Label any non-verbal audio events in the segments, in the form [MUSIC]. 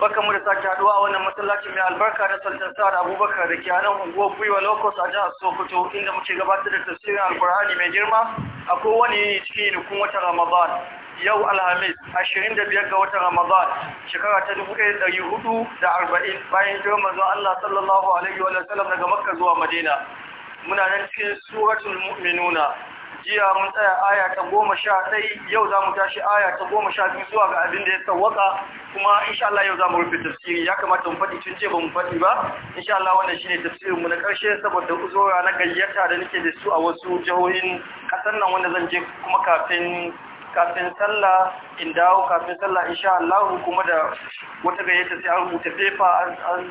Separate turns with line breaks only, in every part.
mu da sake haduwa wannan masallaci mai albarka da sultan sa'ad abubakar da ke a nan unguwar buiwa locust a jihar sokoto inda muke gabatar da tafsirin alkur'ani mai girma a kowane yini cikin yinikun watan ramadan yau alhamis ashirin da biyar ga watan ramadan shekara ta dubu ɗaya da ɗari arba'in bayan jiran mazan allah sallallahu alaihi wa sallam daga makka zuwa madina muna nan cikin suratul mu'minuna jiya mun tsaya aya ta goma sha ɗai yau za mu tashi aya ta goma sha biyu zuwa ga abin da ya sauwaka kuma insha Allah yau za mu rufe tafsiri ya kamata mu faɗi tun ce ba mu faɗi ba insha Allah wannan shine tafsirin mu na ƙarshe saboda uzura na gayyata da nake da su a wasu jihohin ƙasar nan wanda zan je kuma kafin kafin sallah in dawo kafin sallah insha Allah kuma da wata gayyata sai an rubuta fefa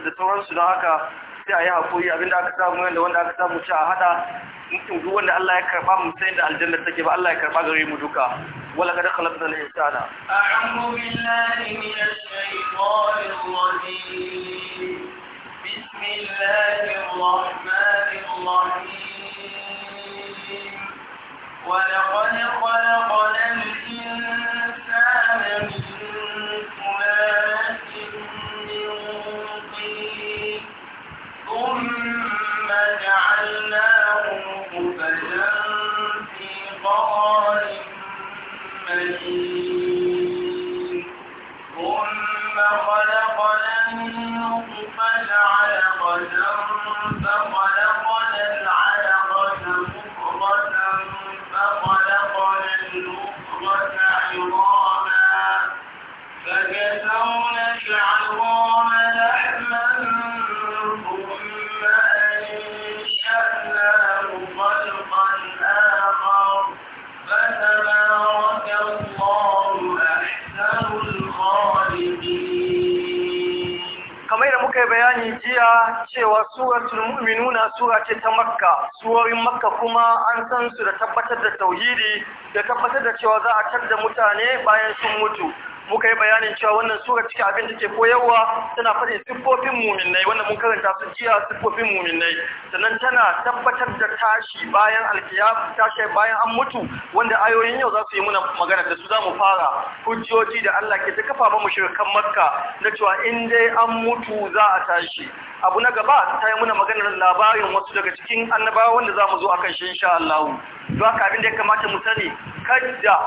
da sauransu don haka sai a yi haƙuri abinda aka samu yadda wanda aka samu ci a hada mutum duk wanda Allah ya karɓa mu sai da aljanna take ba Allah ya karɓa gare mu duka wala kada khalaqna al-insana
a'udhu billahi minash shaytanir rajim bismillahir rahmanir rahim wa laqad khalaqna al-insana min ثم جعلناه في خلقنا النطفة قدر
ya cewa suratul mu'minuna sura ce ta makka suwarin makka kuma an san su da tabbatar da tauhidi da tabbatar da cewa za a tar mutane bayan sun mutu muka yi bayanin cewa wannan sura cikin abin da ke koyarwa tana faɗin siffofin muminai wannan mun karanta su jiya siffofin muminai sannan tana tabbatar da tashi bayan alkiyam tashi bayan an mutu wanda ayoyin yau za su yi muna magana da su za mu fara hujjoji da Allah ke ta kafa ba shirkan Makka na cewa in dai an mutu za a tashi abu na gaba ta yi muna maganar labarin wasu daga cikin annabawa wanda za mu zo akan shi insha Allah don haka abin da ya kamata mu sani kadda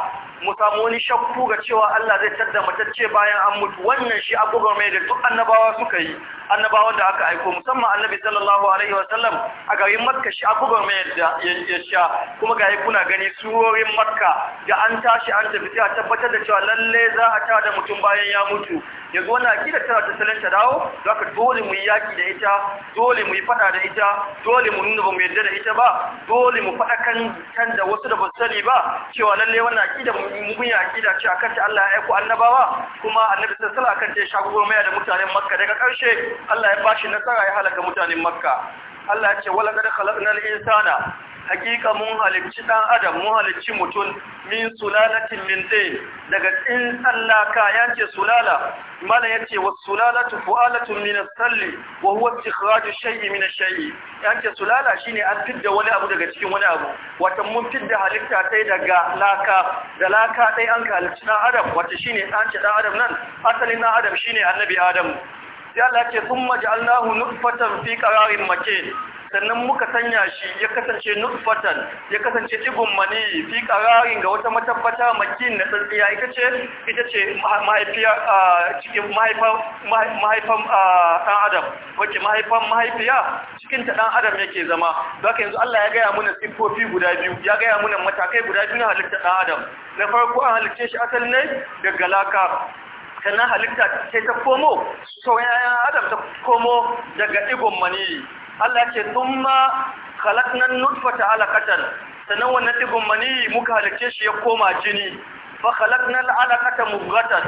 mu samu wani shakku ga cewa Allah zai tadda mutacce bayan an mutu wannan shi abubuwa mai da duk annabawa suka yi annabawan da aka aiko musamman annabi sallallahu alaihi wasallam a garin makka shi abubuwan mai ya sha kuma ga kuna gani surorin makka da an tashi an tafi a tabbatar da cewa lalle za a tada mutum bayan ya mutu yanzu wani akida tana ta salon ta dawo za ka dole mu yi yaki da ita dole mu yi fada da ita dole mu nuna ba mu yarda da ita ba dole mu fada kan kan da wasu da ba sani ba cewa lalle wannan akida mun yi akida ce akan Allah ya aiko annabawa kuma annabi sallallahu alaihi wasallam akan ta ya da mutanen makka daga karshe Allah ya bashi nasara ya halaka mutanen Makka Allah ya ce wala kad khalaqnal insana hakika mun halicci dan adam mun halicci mutum min sulalatin min tin daga in Allah ka yace sulala mala ce was sulalatu fu'alatun min as-salli wa huwa istikhraju shay'in min ash-shay'i yace sulala shine an fidda wani abu daga cikin wani abu wato mun fidda halitta tai daga laka da laka an halicci dan adam wato shine ce dan adam nan asalin dan adam shine annabi adam sai Allah ya ce thumma ja'alnahu nufatan fi ƙararin make sannan muka sanya shi ya kasance nufatan ya kasance digon mani fi ƙararin ga wata matabbata maki, na tsantsiya ita ce ita cikin mahaifan ɗan adam wacce mahaifan mahaifiya cikin ta ɗan adam yake zama haka yanzu Allah ya gaya mana tsifofi guda biyu ya gaya mana matakai guda biyu na halitta ɗan adam na farko an halitta shi asali ne daga laka sannan na halitta sai ta komo sauran yayan adam ta komo daga ɗigon maniyi Allah ce sun ma halaknan nutfata alakatan sannan wannan ɗigon maniyi muka halicce shi ya koma jini Ba halaknan alakatan mugatan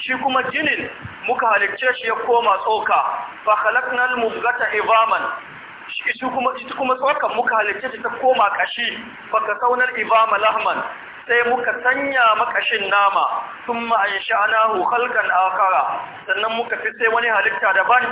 shi kuma jinin muka halicce shi ya koma tsoka fa mu mugata ibaman shi kuma kuma tsokan muka halicce shi ta koma kashi ba ka saunar ibama lahman sai muka sanya makashin nama sun ma'ansha'anahu halkan akara sannan muka fi sai wani halitta daban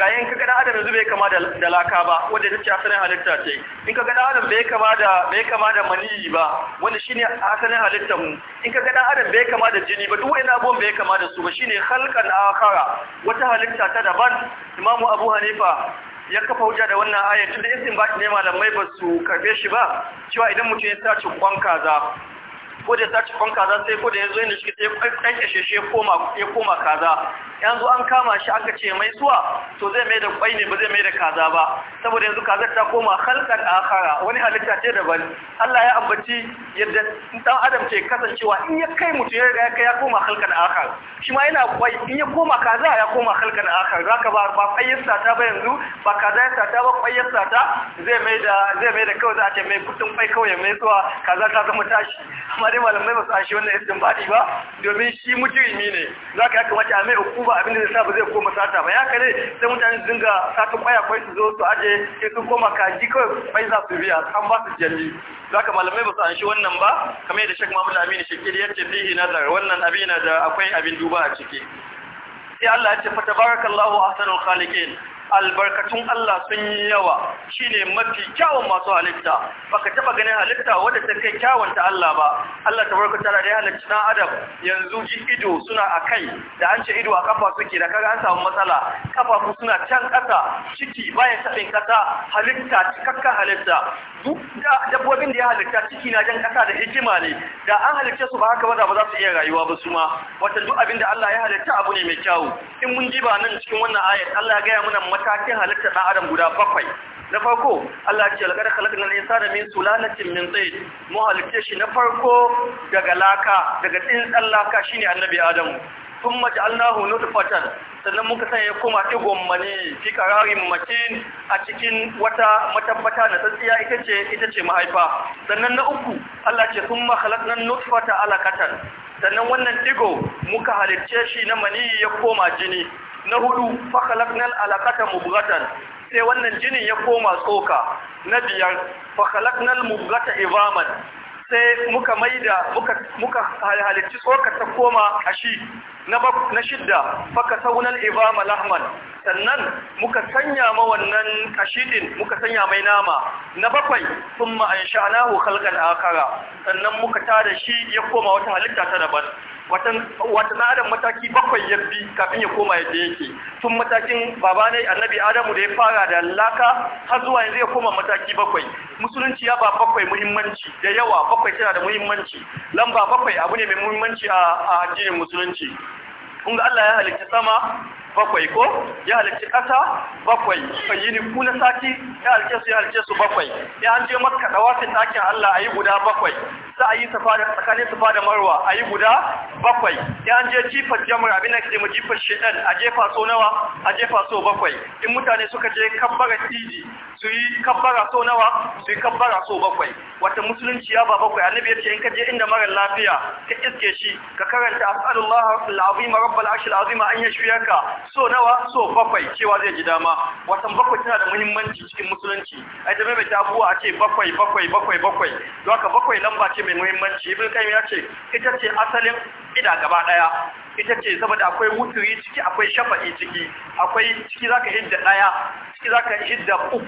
ga yin kaga da adam zube kama da laka ba wanda take asalin halitta ce in kaga da adam bai kama da bai kama da mani ba wanda shine asalin halitta mu in kaga da adam bai kama da jini ba duk wani abun bai kama da su ba shine halkan akara wata halitta ta daban imamu abu hanifa ya kafa hujja da wannan da isin ba ne malamai ba su karbe shi ba cewa idan mutum ya sace kwan kaza ko da ya sace kaza sai ko da ya zo inda shi sai ya koma kaza yanzu an kama shi aka ce mai zuwa, to zai mai da kwai ne ba zai mai da kaza ba saboda yanzu kazar ta koma halkan akhara wani halitta ce daban Allah ya ambaci yadda dan adam ce kasancewa in ya kai mutu ya ga ya koma halkan akhar shi ma yana kwai in ya koma kaza ya koma halkan akhar zaka ba ba kwayyarsa ta ba yanzu ba kaza ya sata ba kwayyarsa ta zai mai da zai mai da kawai za a ce mai kudin kwai kawai mai zuwa kaza ta zama tashi amma dai malamai ba su ashi wannan istinbadi ba domin shi mujrimi ne zaka ya kamata a mai hukuma abin da safi zai koma sata ba ya kare sai mutane su dinga sata kwaya kwai su zo su aje sai sun koma kaji kawai kwai za su biya an ba su jami zaka malamai ba su anshi wannan ba kamar yadda shek mamun Aminu Shakir ya ce fihi nazar wannan abin da akwai abin duba a ciki sai Allah ya ce fa tabarakallahu ahsanul khaliqin albarkatun Allah sun yi yawa ne mafi kyawun masu halitta Ba ka taba ganin halitta wadda ta kai kyawun ta Allah ba Allah ta tara da ya halitta na adam yanzu ji ido suna a kai da an ce ido a kafa suke da kaga an samu matsala kafafu suna can kasa ciki bayan sabin kasa halitta cikakka halitta duk da dabbobin da ya halitta ciki na jan kasa da hikima ne da an halicce su ba haka ba ba za su iya rayuwa ba su ma wata duk abin da Allah ya halitta abu ne mai kyawu in mun ji ba nan cikin wannan ayat Allah ya gaya mana matakin halittar ɗan adam guda bakwai na farko Allah ce na nisa da min sulalatin min tsaye mu halitta shi na farko daga laka daga tsin laka ne annabi Adamu sun Allahu nutfatan sannan muka sanya kuma ta mani fi kararin mace a cikin wata matabbata na tsatsiya ita ce ita ce mahaifa sannan na uku Allah ce summa khalaqna nutfata alaqatan sannan wannan digo muka halicce shi na mani ya koma jini na hudu fa khalaqna alaqata mubghatan sai wannan jinin ya koma tsoka na biyar fa khalaqna mubghata sai muka maida muka tsokar ta koma kashi na shidda faka saunan ibama lahman sannan muka sanya ma wannan kashi muka sanya mai nama na bakwai ma'an sha'anahu khalqan akara sannan muka tada shi ya koma wata halitta ta daban wata adam mataki bakwai ya bi kafin ya koma yadda yake tun matakin baba ne annabi adamu da ya fara da laka har zuwa yanzu ya koma mataki bakwai musulunci ya ba bakwai muhimmanci da yawa bakwai tana da muhimmanci lamba bakwai abu ne mai muhimmanci a addinin musulunci kun Allah ya halitta sama bakwai ko ya halicci ƙasa bakwai bayyini ku na sati ya halicce su ya halicce su bakwai ya an je makka dawafin ɗakin Allah yi guda bakwai za a yi safa da tsakanin safa da marwa ayi guda bakwai ya an je jifar jamar abin da ke jifar shedan a jefa so nawa a jefa so bakwai in mutane suka je kabbara tiji su yi kabbara so nawa su yi kabbara so bakwai wata musulunci ya ba bakwai annabi ya ce in ka je inda mara lafiya ka iske shi ka karanta as'alullahi al-azim rabbal arshil azim an yashfiyaka so nawa so bakwai cewa zai ji dama watan bakwai tana da muhimmanci cikin musulunci ai da mai abubuwa a ce bakwai bakwai bakwai bakwai don haka bakwai lamba ce mai muhimmanci ibn kai ya ce ita ce asalin ida gaba daya ita ce saboda akwai wuturi ciki akwai shafa'i ciki akwai ciki zaka hidda daya ciki zaka hidda uku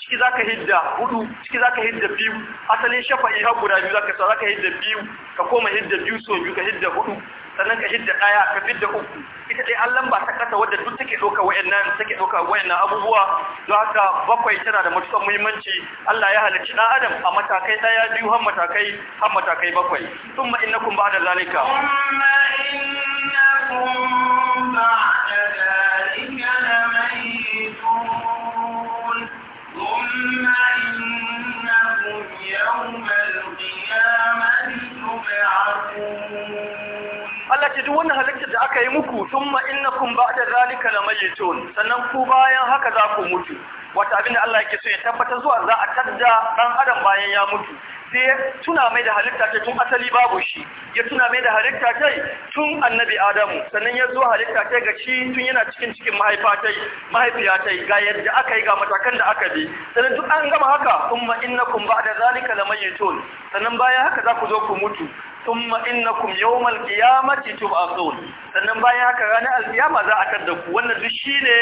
ciki za ka hidda hudu ciki za ka hidda biyu asalin shafa'i har guda biyu za sa za ka hidda biyu ka koma hidda biyu so biyu ka hidda hudu sannan ka hidda daya ka fidda uku ita dai allan ba ta kasa wadda duk take doka wayannan take doka wayannan abubuwa don haka bakwai tana da matukar muhimmanci Allah ya halicci dan adam a matakai daya biyu har matakai har matakai bakwai thumma innakum ba'da zalika thumma innakum
ba'da zalika
Allah ce duk wannan halittar da aka yi muku thumma innakum ba'da zalika lamayitun sannan ku bayan haka za ku mutu wata abin da Allah yake so ya tabbatar zuwa za a tadda dan adam bayan ya mutu sai ya tuna mai da halitta ta tun asali babu shi ya tuna mai da halitta ta tun annabi adamu sannan ya zo halitta ta ga shi tun yana cikin cikin mahaifa ga yadda aka yi ga matakan da aka bi sannan duk an gama haka umma innakum ba'da zalika lamayitun sannan bayan haka za ku zo ku mutu thumma innakum yawmal qiyamati tub'athun sannan bayan haka ranar alkiyama za a tarda ku wannan duk shine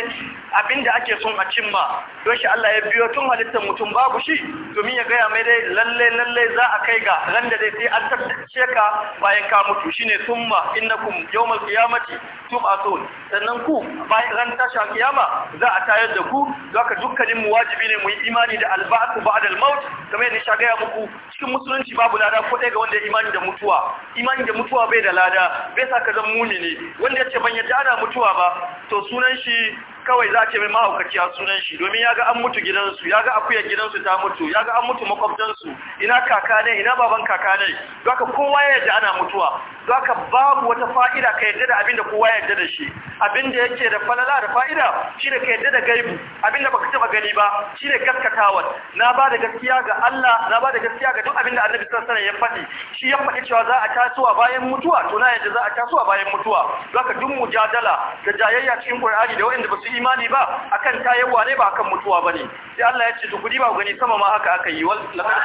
abinda ake son a cimma don shi Allah ya biyo tun halittar mutum babu shi domin ya gaya mai dai lalle lalle za a kai ga ran da dai sai an tabbace ka bayan ka mutu shine thumma innakum yawmal qiyamati tub'athun sannan ku bayan ran tasha kiyama za a tayar da ku zaka dukkanin mu wajibi ne mu yi imani da alba'atu ba'da al kamar yadda sha gaya muku cikin musulunci babu lada ko ga wanda ya imani da mutuwa mutuwa imani da mutuwa bai da lada bai sa ka zama ne wanda ya ce ban yadda ana mutuwa ba to sunan shi kawai za ce mai mahaukaci a sunan shi domin ya ga an mutu gidansu ya ga akuyar gidansu ta mutu ya ga an mutu makwabtansu ina kaka ne ina baban kaka ne ka kowa ya yarda ana mutuwa haka babu wata fa'ida ka yarda da abin da kowa ya yarda da shi abin da yake da falala da fa'ida shi ne ka yarda da gaibu abin da baka taba gani ba shine gaskatawa na ba da gaskiya ga Allah na ba da gaskiya ga duk abin da Annabi sallallahu alaihi wasallam ya faɗi shi ya faɗi cewa za a tasowa bayan mutuwa to na za a tasowa bayan mutuwa zaka duk mujadala da jayayya cikin Qur'ani da wanda ba su imani ba akan tayarwa ne ba akan mutuwa bane sai Allah ya ce duk ba gani sama ma haka aka yi wal laqad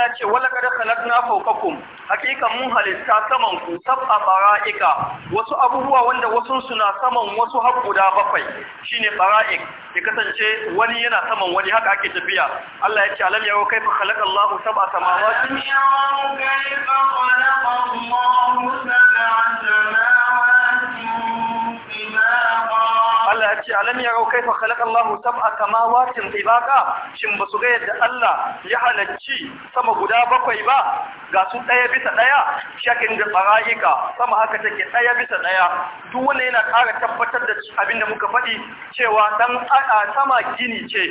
Allah ya ce wala kad na fawqakum hakika mun halitta saman ku a bara'ika wasu abubuwa wanda wasu suna saman wasu har guda bakwai shine bara'ik ya kasance wani yana saman wani haka ake tafiya Allah ya ce alam ya kaifa khalaqa Allahu sab'a samawati alam
yaro kaifa khalaqa Allahu samawati
Allah ya ce alam yarau kaifa khalaqa Allahu sab'a samawatin tibaqa shin basu ga yadda Allah ya halacci sama guda bakwai ba ga su daya bisa daya shakin da faraika sama haka take daya bisa daya duk wanda yana ƙara tabbatar da abinda muka faɗi cewa dan sama gini ce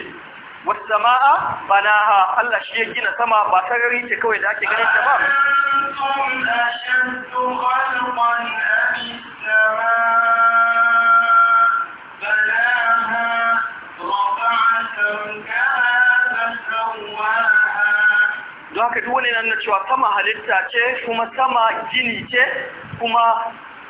jama'a sama'a banaha Allah shi ya gina sama ba sarari ce kawai da ake ganin ta ba
أنتم أشد خلقا أم السماء zaka
don haka duk wani nan cewa sama halitta ce kuma sama gini ce kuma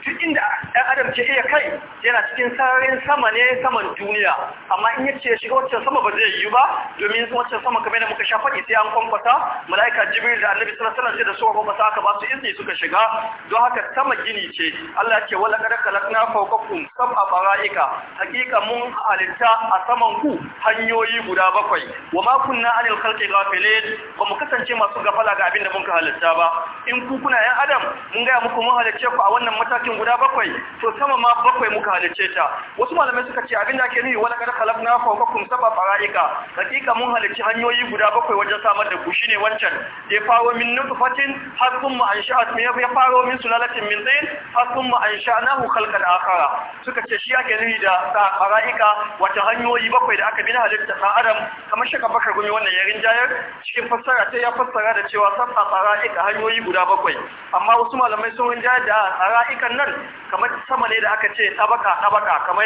duk inda ɗan adam ce iya kai yana cikin sararin sama ne saman duniya amma in ya ce shiga waccan sama ba zai yi ba domin waccan sama kamar da muka sha faɗi sai an kwankwata mala'ika jibril da annabi sallallahu alaihi wasallam da su kwankwata aka ba su izini suka shiga don haka sama gini ce Allah ce wala kada kalakna fawqakum sab'a bara'ika haqiqa mun halitta a saman ku hanyoyi guda bakwai wa ma kunna anil khalqi ghafilin ba mu kasance masu gafala ga abin da mun ka halitta ba in ku kuna yan adam mun ga muku mun halicce ku a wannan matakin guda bakwai to sama ma bakwai muka halice ta wasu malamai suka ce abin da ake nufi wala kada khalaqna fawqakum sab'a fara'ika hakika mun halici hanyoyi guda bakwai wajen samar da ku shine wancan ya faro min nutfatin har thumma ansha'at min ya faro min sulalatin min tayin har thumma ansha'nahu khalqan akhara suka ce shi ake nufi da fara'ika wata hanyoyi bakwai da aka bi na halitta ɗan adam kamar shaka bakar gumi wannan yarin jayar cikin fassara ta ya fassara da cewa sab'a fara'ika hanyoyi guda bakwai amma wasu malamai sun rinjaya da fara'ikan nan kamar wata sama ne da aka ce tabaka tabaka kamar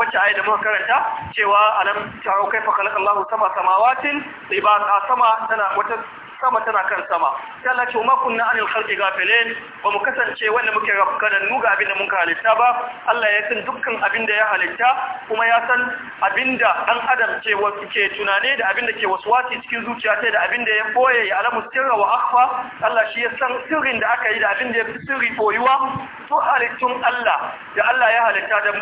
wacce ayi da muka karanta cewa alam ta'u kaifa Allahu sama samawatin ribaqa sama tana wata sama tana kan sama sai Allah ce ma kunna anil khalqi gafilin ba mu kasance wanda muke rafkanan mu ga abin da halitta ba Allah ya san dukkan abin da ya halitta kuma ya san abin da dan adam ce wasu ke tunane da abinda ke ke waswasi cikin zuciya sai da abinda ya boye ya alamu sirra wa akhfa Allah shi ya san sirrin da aka yi da abin ya fi sirri boyuwa duk halittun Allah da Allah ya halitta da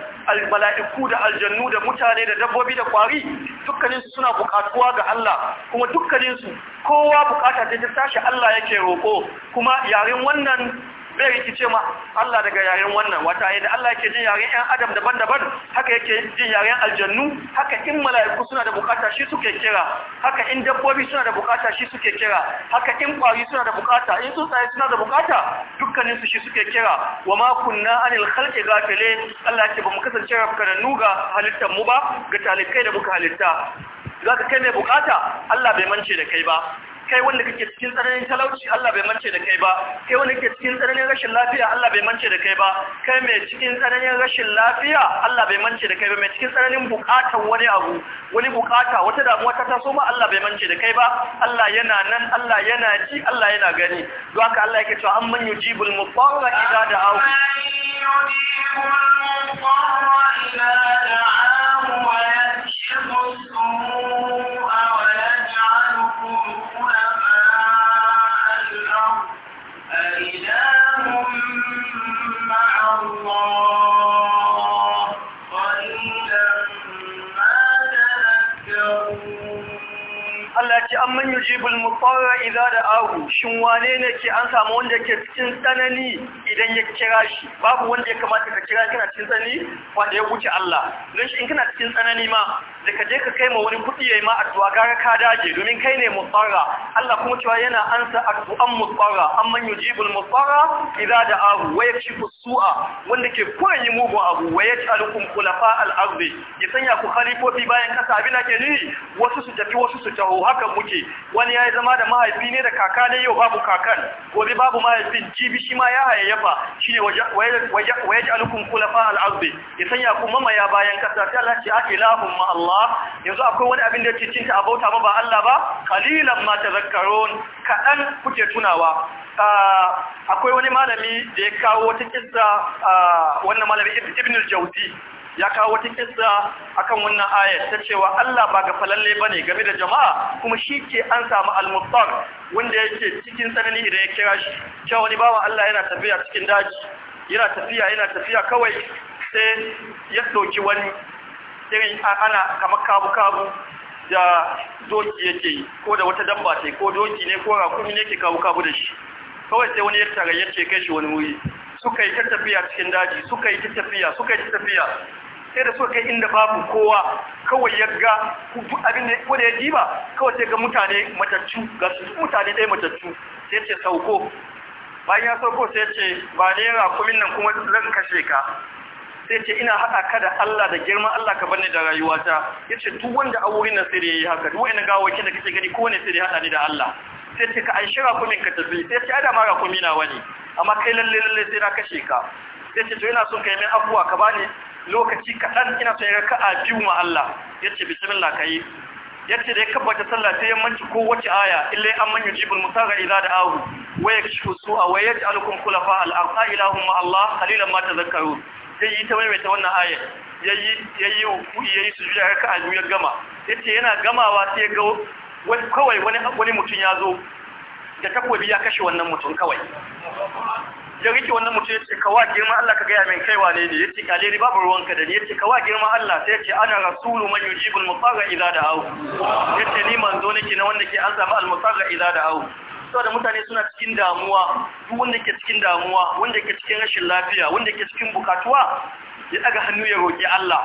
mala'iku da aljannu da mutane da dabbobi da kwari dukkaninsu suna bukatuwa ga Allah kuma dukkaninsu kowa bukata ta tashi Allah yake roƙo kuma yaren wannan zai ce ma Allah daga yaren wannan wata yadda Allah yake jin yaren ƴan adam daban-daban haka yake jin yaren aljannu haka in mala'iku suna da bukata shi suke kira haka in dabbobi suna da bukata shi suke kira haka in kwari suna da bukata in tsuntsaye suna da bukata dukkanin su shi suke kira wa ma kunna anil khalqi ghafile Allah yake mu kasance rafkananu ga halittar mu ba ga talikai da muka halitta zaka kai mai bukata Allah bai mance da kai ba kai wanda kake cikin tsananin talauci Allah bai mance da kai ba kai wanda kake cikin tsananin rashin lafiya Allah bai mance da kai ba kai mai cikin tsananin rashin lafiya Allah bai mance da kai ba mai cikin tsananin bukatar wani abu wani bukata wata damuwa ta taso ma Allah bai mance da kai ba Allah yana nan Allah yana ji Allah yana gani don haka Allah yake cewa amman yujibul mudarra idza da'ahu yujibul
mudarra idza da'ahu wa yashfu as إله مع الله
amman yujibul mutarra idza da'ahu shin wane ne ke an samu wanda ke cikin tsanani idan ya kira shi babu wanda ya kamata ka kira kana cikin tsanani wanda ya wuce Allah don shi in kana cikin tsanani ma da ka je ka kai ma wani kuɗi yayi ma addu'a gara ka dage domin kai ne mutarra Allah kuma cewa yana ansa addu'an mutarra amman yujibul mutarra idza da'ahu wa yakshifu su'a wanda ke koyi mugun abu wa yaj'alukum khulafa al-ardi ya sanya ku khalifofi bayan kasa abin da ke ni wasu su tafi wasu su taho haka muke wani ya yi zama da mahaifi ne da kaka ne yau babu kakan gobe babu mahaifin jibi shi ma ya hayayyafa shine waje alukun kula kulafa al'azbe ya sanya ku ya bayan kasa Ta Allah ce ake lahun ma Allah yanzu akwai wani abin da ya ce ta abauta ma ba Allah ba kalilan ma zakkaron kaɗan kuke tunawa akwai wani malami da ya kawo wata kissa wannan malami ibn al-jawzi ya kawo wata kisa akan wannan ayar ta cewa Allah ba ga falalle bane game da jama'a kuma shi ke an samu al-muftar wanda yake cikin tsanani idan ya kira shi cewa wani bawa Allah yana tafiya cikin daji yana tafiya yana tafiya kawai sai ya ɗauki wani irin ana kamar kabu-kabu da doki yake yi ko da wata dabba ce ko doki ne ko rakumi ne ke kabu-kabu da shi kawai sai wani ya tare ce kai shi wani wuri suka yi ta tafiya cikin daji suka yi ta tafiya suka yi ta tafiya sai da suka kai inda babu kowa kawai ya ga abin da ko da ya jiba kawai sai ga mutane matattu ga su mutane ɗaya matattu sai ce sauko bayan ya sauko sai ce ba ne kumin nan kuma zan kashe ka sai ce ina haɗa ka da Allah da girman Allah ka bani da rayuwata ya ce duk wanda a wurin nan sai ya yi haka duk wani gawaki da kake gani kowane sai da ya haɗa ni da Allah sai ce ka an shira kumin ka tafi sai ce adama rakumi na wani amma kai lalle lalle sai na kashe ka sai ce to ina son kai min abuwa ka bani lokaci kaɗan ina son ka a biyu ma Allah ya ce bismillah ka yi ya ce da ya kabbata sallah sai yammanci ko wace aya illai an manyu jibin musara idza da ahu waya kishu su a waya ji alukun kulafa al'arka ilahun ma Allah kalilan ma ta zakaru sai yi ta ta wannan aya ya yi hukuri ya yi su juya ka a biyu ya gama Yace yana gamawa sai ga kawai wani mutum ya zo da takobi ya kashe wannan mutum kawai ya rike wannan mutum ya ce kawa girma Allah ka gaya min kai wane ne ya kale ni babu ruwanka da ni Ya ce kawa girma Allah sai ce, ana rasulu man yujibu al-musarra idza Ya ce, ni manzo nake na wanda ke azaba al-musarra idza da'ahu saboda mutane suna cikin damuwa duk wanda ke cikin damuwa wanda ke cikin rashin lafiya wanda ke cikin bukatuwa ya daga hannu ya roki Allah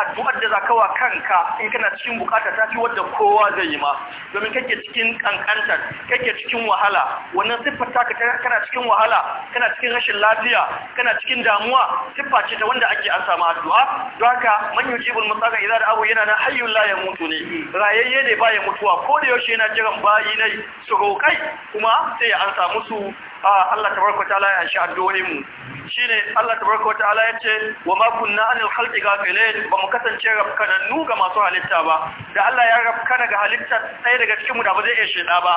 addu'ar da zaka wa kanka in kana cikin bukata ta fi wadda kowa zai yi ma domin kake cikin kankanta kake cikin wahala wannan siffar ka kana cikin wahala kana cikin rashin lafiya kana cikin damuwa siffa ce ta wanda ake an samu addu'a don haka man yujibul musaka idza abu yana na hayyul la yamutu ne rayayye ne baya mutuwa ko da yaushe yana jiran bayi ne su kuma sai an samu su Allah tabaraka ta'ala ya shi addu'o'in mu shine Allah tabaraka ta'ala ya ce wa ma kunna anil khalqi ghafilin ba mu kasance rafkanannu ga masu halitta ba da Allah ya rafkana ga halitta sai daga cikin mu da ba zai iya sheda ba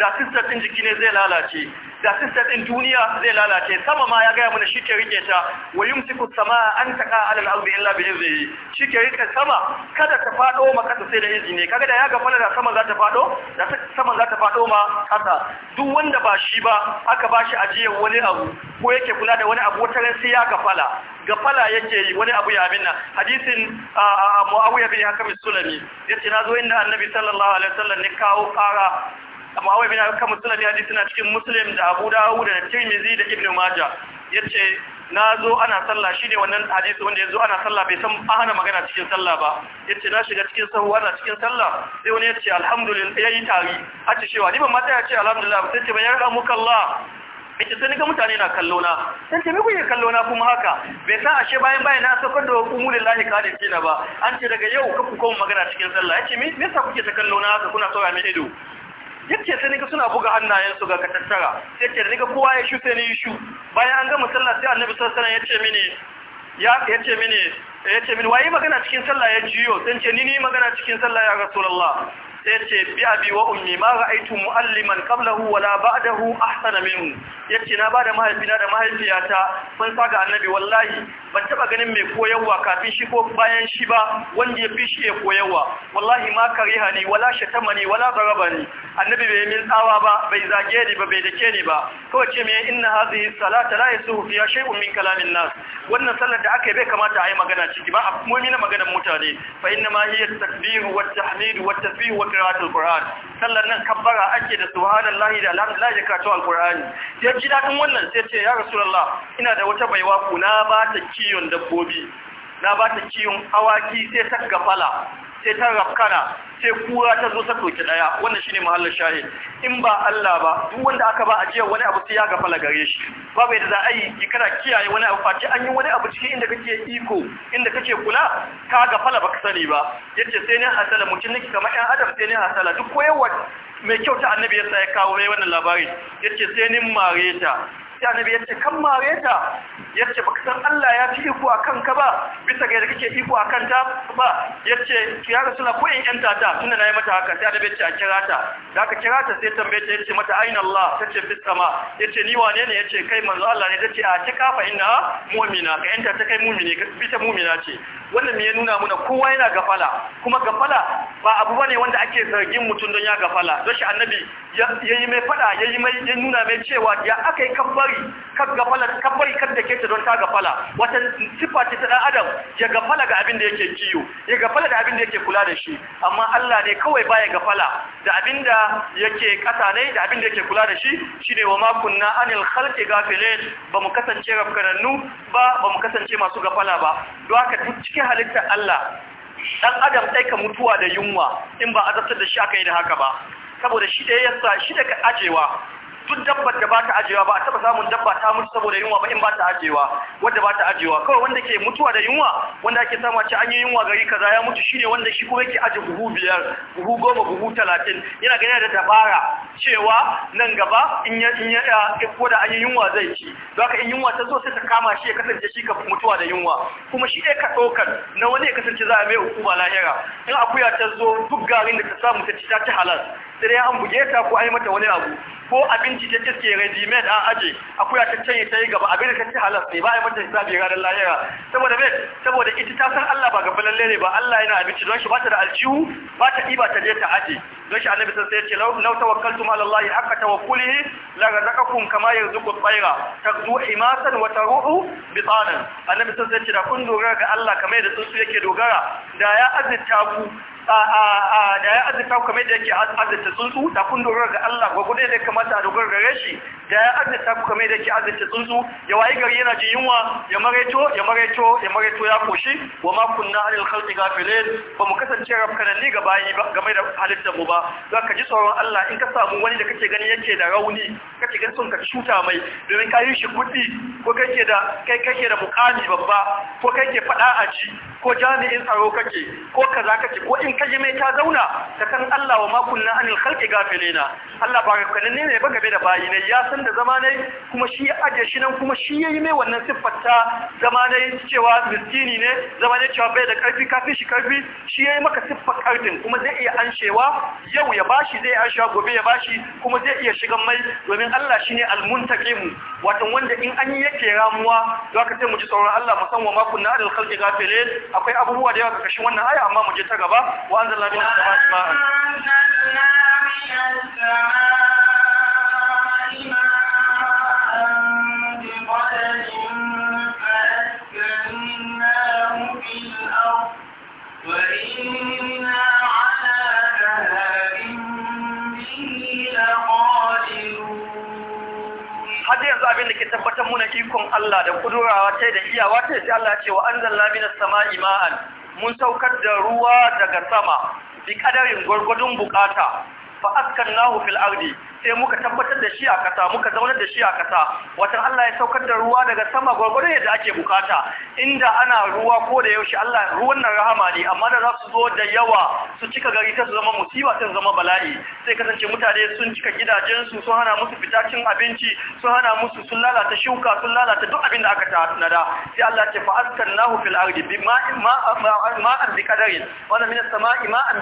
da sister din jiki ne zai lalace da sister din duniya zai lalace sama ma ya gaya mana shi ke rike ta wa yumsiku samaa an taqa ala al-ardi illa bi izni shi ke rike sama kada ta fado ma kasa sai da izini kaga da ya ga da sama za ta fado da sama za ta fado ma kasa duk wanda ba shi ba aka aka shi ajiyar wani abu ko yake kula da wani abu wata sai ya gafala gafala yake yi wani abu ya amina hadisin muawiya bin hakim sulami yace nazo inda annabi sallallahu alaihi wasallam ne kawo fara muawiya bin hakim sulami hadisi na cikin muslim da abu dawud da tirmidhi da ibnu majah yace na zo ana sallah shi ne wannan hadisi wanda ya zo ana sallah bai san a hana magana cikin sallah ba ya ce na shiga cikin sahu ana cikin sallah sai wani ya ce alhamdulillah ya yi tari a ce shewa ni ban mata ya ce alhamdulillah sai ce bayan ramuka Allah ita sai ga mutane na kallo na sai ce me kuke kallo na kuma haka bai san ashe bayan bayan na sakon da umulil lillahi kadin kina ba an ce daga yau ka kuma magana cikin sallah yace me me yasa kuke ta kallo na haka kuna saurara mai ido yace sai ka suna buga hannayensu
ga katattara
yace da ka kowa ya shu sai ni shu bayan an gama sallah sai annabi sallallahu alaihi wasallam yace mini ya yace mini yace mini wayi magana cikin sallah ya jiyo sai ce ni ni magana cikin sallah ya rasulullah sai ce bi abi wa ummi ma ra'aytu mu'alliman qablahu wala ba'dahu ahsana minhu yace na bada mahaifina da mahaifiyata sun saka annabi wallahi ban taba ganin mai koyarwa kafin shi ko bayan shi ba wanda ya fi shi ya koyarwa wallahi ma ni wala ni wala darabani annabi bai min tsawa ba bai zage ni ba bai dake ni ba kawai ce me inna hadhihi salata la yasuhu fiha shay'un min kalamin nas wannan sallar da aka yi bai kamata a yi magana ciki ba a mu'mina maganar mutane fa inna ma hiya takbiru wa tahmid wa tasbih wa qira'atul qur'an sallan nan kabbara ake da subhanallahi da alhamdulillah da karatu alqur'ani ya ji dadin wannan sai ce ya rasulullah ina da wata baiwa ku na ba ta kiyon dabbobi na ba ta kiyon awaki sai ta gafala sai ta rafkana sai kura ta zo ta ɗauki ɗaya wannan shine mahallin shahi in ba Allah ba duk wanda aka ba ajiya wani abu sai ya gafala gare shi babu yadda za a yi kana kiyaye wani abu Fati an yi wani abu cikin inda kake iko inda kake kula ka gafala baka sani ba yace sai ne hasala mutum nake kamar ɗan adam sai ne hasala duk koyewa mai kyau ta annabi ya ya kawo mai wannan labari yace sai nin mareta Yana annabi ya ce kan ta yace baka san Allah ya fi iko akan ka ba bisa ga yadda kake iko akan ta ba yace ki ya rasula ko in yanta ta tunda nayi mata haka sai annabi ce a kira ta da aka kira ta sai tambaye ta ya mata aina Allah ta ce sama yace ni wane ne ya kai manzo Allah ne ta ce a ci kafa inna mu'mina ka yanta ta kai mu'mini ita mu'mina ce wannan me ya nuna muna kowa yana gafala kuma gafala ba abu bane wanda ake zargin mutum don ya gafala don shi annabi ya yi mai fada ya mai nuna mai cewa ya aka yi kabbar bari ka bari kan da ke ta don ta gafala wata sifa ce ta ɗan adam ya gafala ga abin da yake kiyo ya gafala da abin da yake kula da shi amma Allah ne kawai baya gafala da abin da yake kasa ne da abin da yake kula da shi shine wa ma kunna anil khalqi gafilin ba mu kasance rafkanannu ba ba mu kasance masu gafala ba don haka duk cikin halittar Allah dan adam sai ka mutuwa da yunwa in ba azabtar da shi aka yi da haka ba saboda shi da yasa shi da ka ajewa duk dabbar da ba ta ajewa ba a taba samun dabba ta mutu saboda yunwa ba in ba ta ajewa wanda ba ta ajewa kawai wanda ke mutuwa da yunwa wanda ake samu a ce an yi yunwa gari kaza ya mutu shine wanda shi kuma yake aje buhu biyar buhu goma buhu talatin yana gani da dabara cewa nan gaba in ya in ya ko da an yi yunwa zai ci zaka in yunwa ta zo sai ta kama shi ya kasance shi ka mutuwa da yunwa kuma shi ɗaya ka ɗaukar na wani ya kasance za a mai hukuma lahira in akuya ta zo duk garin da ta samu ta ci ta ci halal sai dai an buge ta ko ai yi mata wani abu ko abinci ta kiske rejimen an aje akuya ta canye ta yi gaba abin da ta ci halas ne ba a yi mata hisabi ranar lahira saboda me saboda ita ta san Allah ba gaba lalle ne ba Allah yana abinci don shi ba ta da aljihu ba ta ɗiba ta je ta aje don shi annabi sai ya ce law tawakkaltu ala Allah haqqa tawakkulihi la razaqakum kama yarzuqu at-tayra taqdu himasan wa taruhu bitanan annabi sai ya ce da kun dogara ga Allah kamar da tsuntsu yake dogara da ya azita ku da ya azurta kuma da yake azurta tsuntsu da kun dogara ga Allah ga gudai da kamata a dogara gare shi da ya azurta ku da yake azurta tsuntsu ya wayi gari yana jin yunwa ya maraito ya maraito ya maraito ya koshi wa ma kunna alil khalqi gafilin ba mu kasance rafkanalli ga bayi ba game da halittar mu ba za ka ji tsoron Allah in ka samu wani da kake gani yake da rauni kake gani sun ka shuta mai domin ka yi shi kudi ko kake da kai kake da mukami babba ko kake faɗa a ji ko jami'in tsaro kake ko kaza kake ko in in mai ta zauna ta kan Allah wa makunna anil khalqi gafilina Allah ba kallanne ne ba gabe da bayi ne ya san da zama ne kuma shi ya aje shi nan kuma shi yayi mai wannan siffar ta zama ne cewa miskini ne zama ne cewa bai da karfi kafin shi karfi shi yayi maka siffar karfin kuma zai iya anshewa yau ya bashi zai anshewa gobe ya bashi kuma zai iya shigan mai domin Allah shine almuntaqimu wato wanda in an yi yake ramuwa ka sai mu ji tsoron Allah musamman ma kunna anil khalqi gafilin akwai abubuwa da yawa kashin wannan aya amma mu je ta gaba وأنزلنا من السماء ماء abin da ke tabbatar muna ikon Allah da kudurawa ta da iyawa ta sai Allah ce wa anzalna minas sama'i ma'an mun saukar da ruwa daga sama bi kadarin gwargwadon bukata fa askan nahu fil ardi sai muka tabbatar da shi a kasa muka zaunar da shi a kasa watan Allah ya saukar da ruwa daga sama gwargwaro yadda ake bukata inda ana ruwa ko da yaushe Allah ruwan nan rahama ne amma da za su zo da yawa su cika gari ta su zama musiba ta zama bala'i sai kasance mutane sun cika gidajen su sun hana musu fita cin abinci sun hana musu sun lalata shuka sun lalata duk abin da aka nada sai Allah ya ce fa askannahu fil ardi bima ma'an bi kadarin wannan min samai ma'an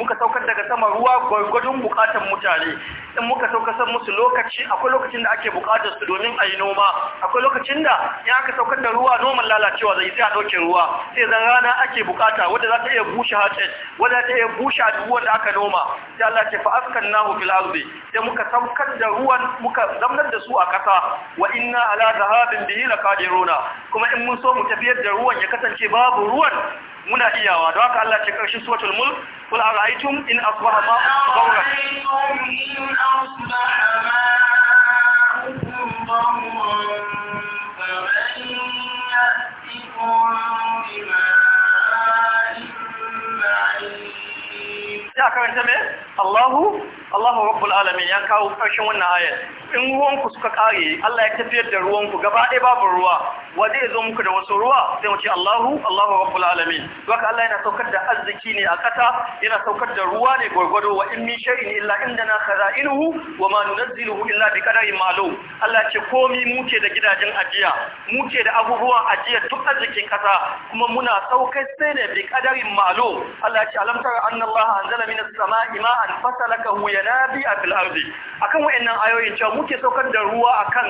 muka saukar daga sama ruwa gwargwadon bukatan mutane in muka saukar musu lokaci akwai lokacin da ake bukatar su domin a yi noma akwai lokacin da ya aka saukar da ruwa noman lalacewa zai sai a ɗauke ruwa sai zan rana ake bukata wadda za ta iya bushe hatsin wadda ta iya bushe abubuwan da aka noma sai Allah ce fa askan nahu fil ardi sai muka saukar da ruwan muka zamnar da su a ƙasa wa inna ala zahabin bihi laqadiruna kuma in mun so mu tafiyar da ruwan ya kasance babu ruwan muna iyawa don haka Allah ce karshen suratul mulk kul itum in asbaha ma'ukum ghawran karanta me? Allahu Allahu rabbul alamin ya kawo ƙarshen wannan ayat in ruwanku suka kare Allah ya tafiyar da ruwan ku gaba ɗaya babu ruwa wa zai zo muku da wasu ruwa sai wuce Allahu Allahu rabbul alamin haka Allah yana saukar da arziki ne a kasa yana saukar da ruwa ne gwargwado wa in min shay'in illa indana khaza'inuhu wa ma nunazziluhu illa bi qadarin ma'lum Allah ce komi muke da gidajen ajiya muke da abubuwan ajiya duk arzikin kasa kuma muna saukar sai ne bi qadarin ma'lum Allah ce alam tara anna Allah anzala minas sama'i ma'an fasalakahu janabi a filarzi, akan wayannan ayoyin cewa muke saukar da ruwa akan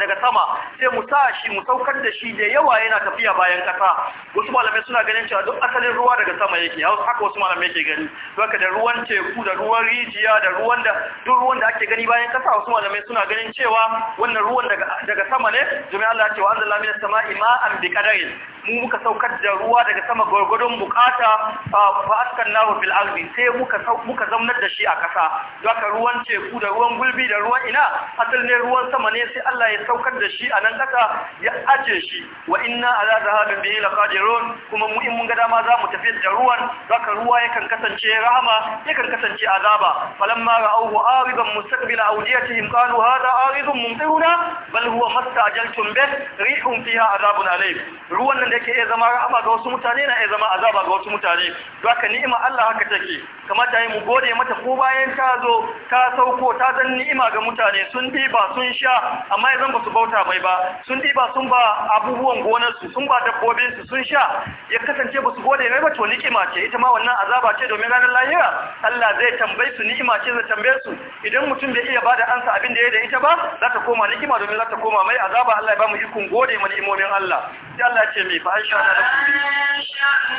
daga sama sai mu sa shi mu saukar da shi da yawa yana tafiya bayan kasa wasu malamai suna ganin cewa duk asalin ruwa daga sama yake haka wasu malamai ke gani haka da ruwan teku da ruwan rijiya da ruwan da duk ruwan da ake gani bayan kasa wasu malamai suna ganin cewa wannan ruwan daga sama ne jami'a Allah cewa ce wa minas sama'i ma'an bi qadarin mu muka saukar da ruwa daga sama gwargwadon bukata fa nahu fil ardi sai muka muka zaunar da shi a Kasa, kasa zaka ruwan teku da ruwan gulbi da ruwan ina asal ne ruwan sama ne sai Allah ya saukar da shi a nan kasa ya aje shi wa inna ala zahabin bihi laqadirun kuma mu in mun ga dama zamu tafi da ruwan zaka ruwa yakan kasance rahama yakan kasance azaba falamma ra'awhu ariban mustaqbil awdiyatihim qalu hadha aridun mumtiruna bal huwa mastajaltum bi rihum fiha azabun alayh ruwan nan da yake iya zama rahama ga wasu mutane na iya zama azaba ga wasu mutane zaka ni'ima Allah haka take kamata yi mu gode mata ko bayan ka zo ka sauko ta zan ni'ima ga mutane sun ɗiba sun sha amma yanzu ba su bauta mai ba sun ɗiba sun ba abubuwan gonarsu sun ba dabbobinsu sun sha ya kasance ba su gode mai ba to ni'ima ce ita ma wannan azaba ce domin ranar lahira Allah zai tambaye su ni'ima ce zai tambaye su idan mutum bai iya bada ansa abin da ya da ita ba za ta koma ni'ima domin za ta koma mai azaba Allah ya ba mu ikon gode mu ni'imomin Allah sai Allah ya ce mai fa aisha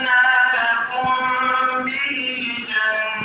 na da kun
bi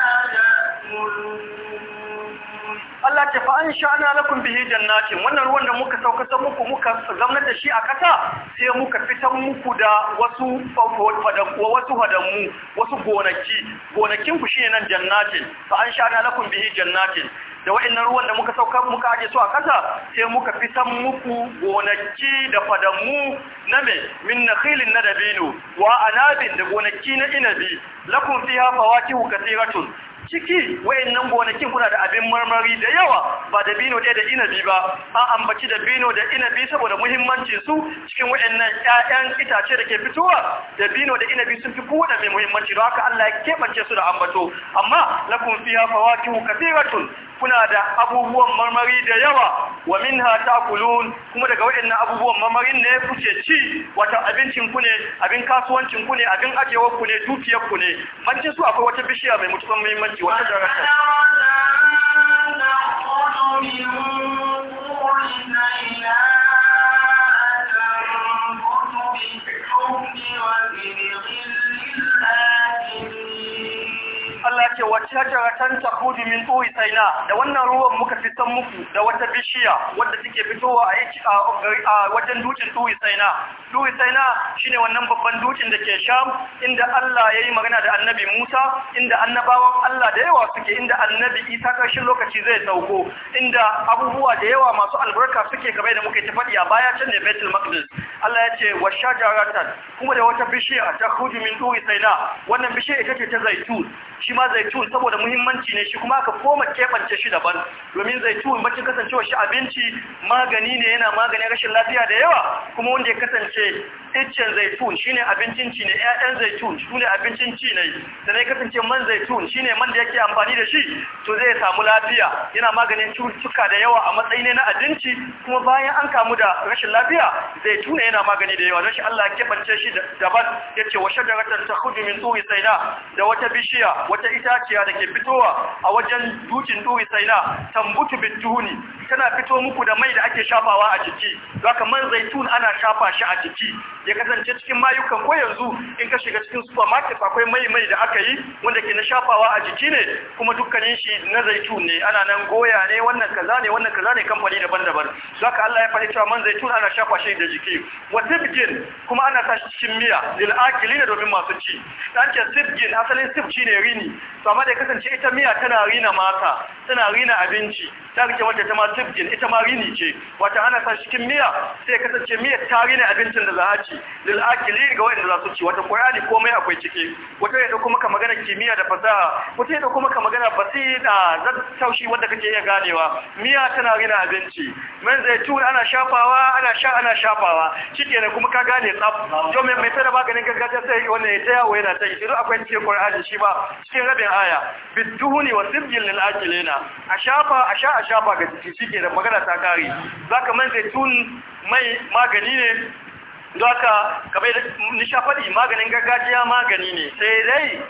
Allah ce fa an sha'ana lakum bihi jannatin wannan ruwan da muka saukata muku muka da shi a kasa sai muka fitar muku da wasu fadakuwa wasu hadamu wasu gonaki gonakin ku shine nan jannatin fa an sha'ana lakum bihi jannatin da wa'annan ruwan da muka sauka muka aje su a kasa sai muka fitan muku gonaki da fadamu na me min nakhilin na dabino wa anabin da gonaki na inabi lakum fiha fawakihu kathiratun ciki wayannan gonakin kuna da abin marmari da yawa ba da bino ɗaya da inabi ba an ambaci da bino da inabi saboda muhimmancin su cikin nan ƴaƴan itace da ke fitowa da bino da inabi sun fi kowa mai muhimmanci don haka Allah ya kebance su da ambato amma lakum fiha fawakihu kathiratun kuna da abubuwan marmari da yawa wa minha Kulu, kuma daga waɗannan abubuwan marmarin ne kuke ci wata abincin ku ne abin kasuwancin ku ne abin ajewar ku ne dukiyar ku ne bancin su akwai wata bishiya mai mutukan muhimmanci wata daraka Allah ce wata san takudu min tsohi saina da wannan ruwan muka fitan muku da wata bishiya wadda suke fitowa a wajen dutsen tsohi saina tsohi saina shine wannan babban dutsen da ke sham inda Allah ya yi magana da annabi Musa inda annabawan Allah da yawa suke inda annabi Isa ƙarshen lokaci zai sauko inda abubuwa da yawa masu albarka suke kamar da muka yi faɗi a baya can ne Baitul Maqdis Allah ya ce wa shajaratan kuma da wata bishiya ta khuju min tsohi saina wannan bishiya ita ce ta zaitun shi ma zaitun saboda muhimmanci muhimmanci ne shi kuma aka koma keɓance shi daban domin zaitun bacin kasancewa shi abinci magani ne yana magani rashin lafiya da yawa kuma wanda ya kasance iccen zaitun shi ne abincin ci ne ƴaƴan zaitun ne abincin ci ne da ne kasance man zaitun shi ne man da yake amfani da shi to zai samu lafiya yana maganin cututtuka da yawa a matsayi ne na abinci kuma bayan an kamu da rashin lafiya zaitun yana magani da yawa don shi Allah ya kebance shi daban yace ratar ta ta min turi saina da wata bishiya wata itaciya da ke fitowa a wajen dukin turi saina tambutu bituni tana fito muku da mai da ake shafawa a jiki zaka man zaitun ana shafa shi a jiki ya kasance cikin mayukan ko yanzu in ka shiga cikin supermarket akwai mai mai da aka yi wanda ke na shafawa a jiki ne kuma dukkanin shi na zaitun ne ana nan goya ne wannan kaza ne wannan kaza ne kamfani daban-daban zaka Allah ya faɗi cewa man zaitun ana shafa shi da jiki wa sibgin kuma ana sa shi cikin miya lil ne domin masu ci dan ce sibgin asalin sib shi ne rini to amma da kasance ita miya tana rina mata tana rina abinci ta rike wata ta ma sibgin ita ma rini ce wata ana sa shi cikin miya sai kasance miya ta rina abincin da za a lil akili ga wanda za su ci wata qur'ani komai akwai ciki wata ya dauko maka magana kimiyya da fasaha wata ya dauko maka magana basira zan taushi wanda kake iya ganewa miya tana rina abinci man tuna ana shafawa ana sha ana shafawa ne kuma ka gane tsaf to me mai tsara maganin gargajiya sai wanda ya taya wa yana tayi idan akwai cikin qur'ani shi ba cikin rabin aya bidduhuni wa sibjil lil akilina a shafa a sha a shafa ga jiki da magana ta kare zaka man tun mai magani ne doka kamar nisha faɗi maganin gargajiya magani ne sai dai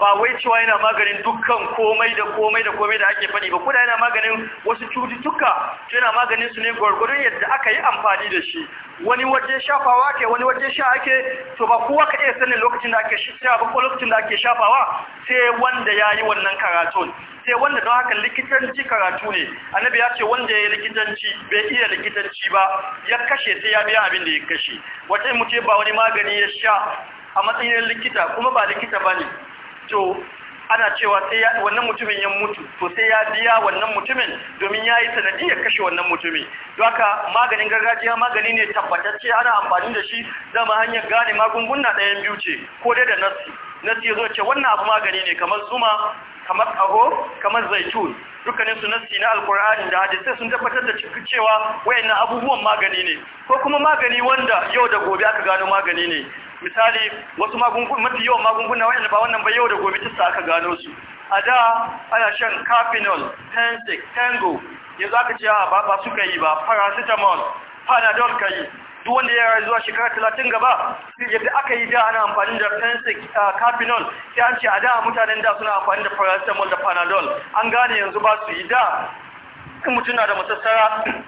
ba wai cewa yana maganin dukkan komai da komai da komai da ake faɗi ba kuma yana maganin wasu cututtuka yana maganin su ne gwargwadon yadda aka yi amfani da shi wani waje shafawa ke wani waje sha ake to ba kowa ka iya sanin lokacin da ake shafa ko lokacin da ake shafawa sai wanda ya yi wannan karatun sai wanda don haka likitanci karatu ne annabi ya ce wanda ya yi likitanci bai iya likitanci ba ya kashe sai ya biya abin da ya kashe wata mu ce ba wani magani ya sha a matsayin likita kuma ba likita ba ne to ana cewa sai wannan mutumin ya mutu to sai ya biya wannan mutumin domin ya yi sanadi ya kashe wannan mutumin don haka maganin gargajiya magani ne tabbatacce ana amfani da shi zama hanyar gane magunguna ɗayan biyu ce ko dai da nasi nasi zo ce wannan abu magani ne kamar zuma kamar aho kamar zaitun dukkanin su nasi na alkur'ani da hadisai sun tabbatar da cewa wayannan abubuwan magani ne ko kuma magani wanda yau da gobe aka gano magani ne misali wasu magungun mafi yawan magunguna wayanda ba wannan ba yau da gobe tissa aka gano su a da ana shan carpinol tensic tango yanzu aka ce ba su ka yi ba paracetamol panadol ka duk wanda ya yi zuwa shekara talatin gaba yadda aka yi da ana amfani da a kafinol sai an ce a da mutanen da suna amfani da paracetamol da panadol an gane yanzu ba su yi da in mutum na da masassara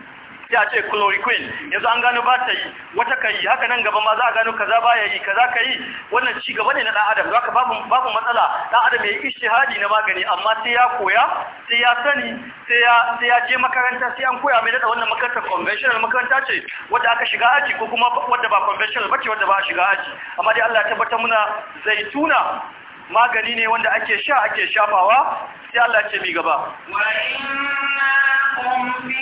sai a ce chloroquine yanzu an gano ba ta yi wata ka yi haka nan gaba ma za a gano kaza ba ya yi kaza ka yi wannan ci gaba ne na ɗan adam za ka babu matsala dan adam ya yi ishtihadi na magani amma sai ya koya sai ya sani sai ya je makaranta sai an koya mai da wannan makarantar conventional makaranta ce wadda aka shiga aji ko kuma wadda ba conventional ba ce wadda ba a shiga aji amma dai Allah ya tabbatar muna zaituna magani ne wanda ake sha ake shafawa sai Allah ce mi gaba wa
inna kum fi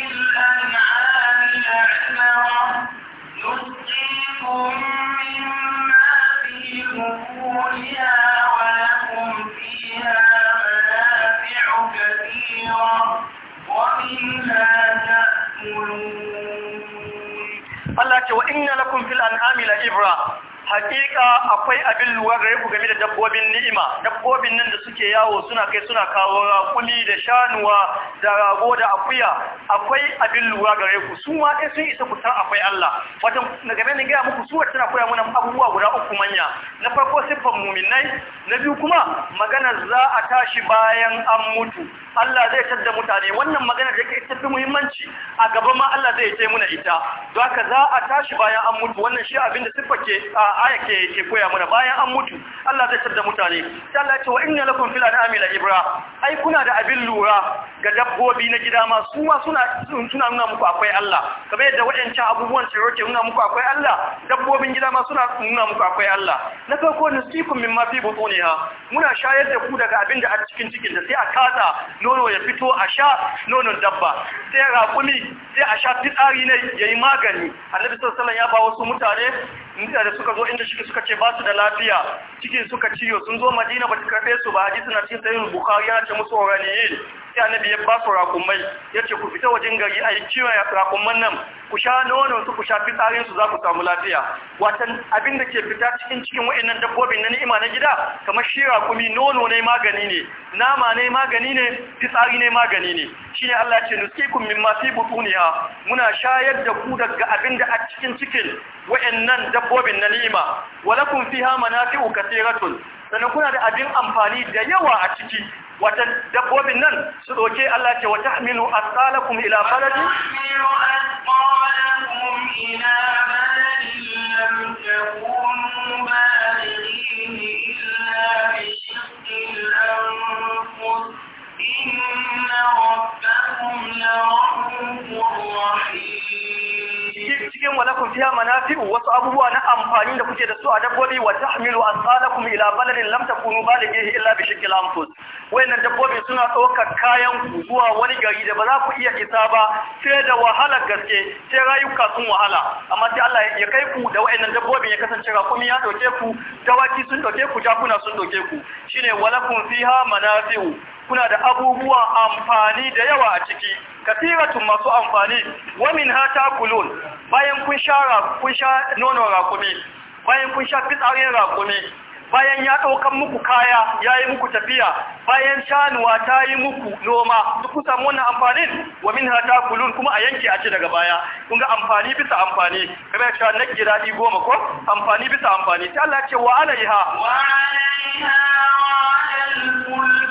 Allah ce wa inna lakum fil an'ami la ibra hakika akwai abin lura gare ku game da dabbobin ni'ima dabbobin nan da suke yawo suna kai suna kawo rakumi da shanuwa da rago da akuya akwai abin luwar gare ku su ma kai sun isa ku san akwai Allah wato na game ne ga muku suwar tana koya mana abubuwa guda uku manya na farko siffar mu'minai na biyu kuma magana za a tashi bayan an mutu Allah zai tadda mutane wannan magana da yake ita fi muhimmanci a gaba ma Allah zai yi muna ita don haka za a tashi bayan an mutu wannan shi abin da sifa ke a aya ke ke koya mana bayan an mutu Allah zai tada mutane sai Allah ya ce wa inna lakum fil an'ami la ibra ai kuna da abin lura ga dabbobi na gida ma su ma suna suna nuna muku akwai Allah kamar yadda waɗancan abubuwan tsaro ke nuna muku akwai Allah dabbobin gida ma suna nuna muku akwai Allah na farko nasikum mimma fi butuniha muna shayar da ku daga abin da a cikin cikin da sai a kasa nono ya fito a sha nonon dabba sai raƙumi sai a sha fitsari ne yayi magani annabi sallallahu alaihi wasallam ya ba wasu mutane da suka zo inda shi suka ce ba su da lafiya cikin suka ciyo sun zo madina ba su karbe su ba hadisi na cikin sayin bukhari ya ce musu yi. sai annabi ya ba su rakumai ya ce ku fita wajen gari a yi kiwon rakuman nan ku sha nono su ku sha fitsarin su za ku samu lafiya watan abin da ke fita cikin cikin wa'annan dabbobin na ni'ima na gida kamar shi rakumi nono ne magani ne nama ne magani ne fitsari ne magani ne shine Allah ya ce nuskikum mimma fi butuniha muna shayar da ku daga abin da a cikin cikin wa'annan dabbobin na ni'ima walakum fiha manafi'u katiratun sannan kuna da abin amfani da yawa a ciki wata dabbobin nan su doke Allah ce wata hamilu asalakum ila baladi ila wa lakum fiha manafi'u wasu abubuwa na amfani da kuke da su a dabbobi wa tahmilu asalakum ila baladin lam takunu balighihi illa bi shikil anfus wayannan dabbobi suna ɗaukar kayan ku zuwa wani gari da ba za ku iya isa ba sai da wahala gaske sai rayuka sun wahala amma sai Allah ya kai ku da wayannan dabbobin ya kasance ga kuma ya ɗauke ku dawaki sun ɗauke ku jakuna sun ɗauke ku shine wa lakum fiha manafi'u kuna da abubuwa amfani da yawa a ciki kasiratun masu amfani wa min ta kulun bayan kun sha nono rakumi bayan kun sha fitsarin rakumi bayan ya ɗaukan muku kaya ya yi muku tafiya bayan shanuwa ta yi muku noma duk kun samu wannan amfanin wa min ta kulun kuma a yanke a ce daga baya kun ga amfani bisa amfani kamar cewa na gida ɗi goma ko amfani bisa amfani sai Allah ce wa alaiha wa alaiha wa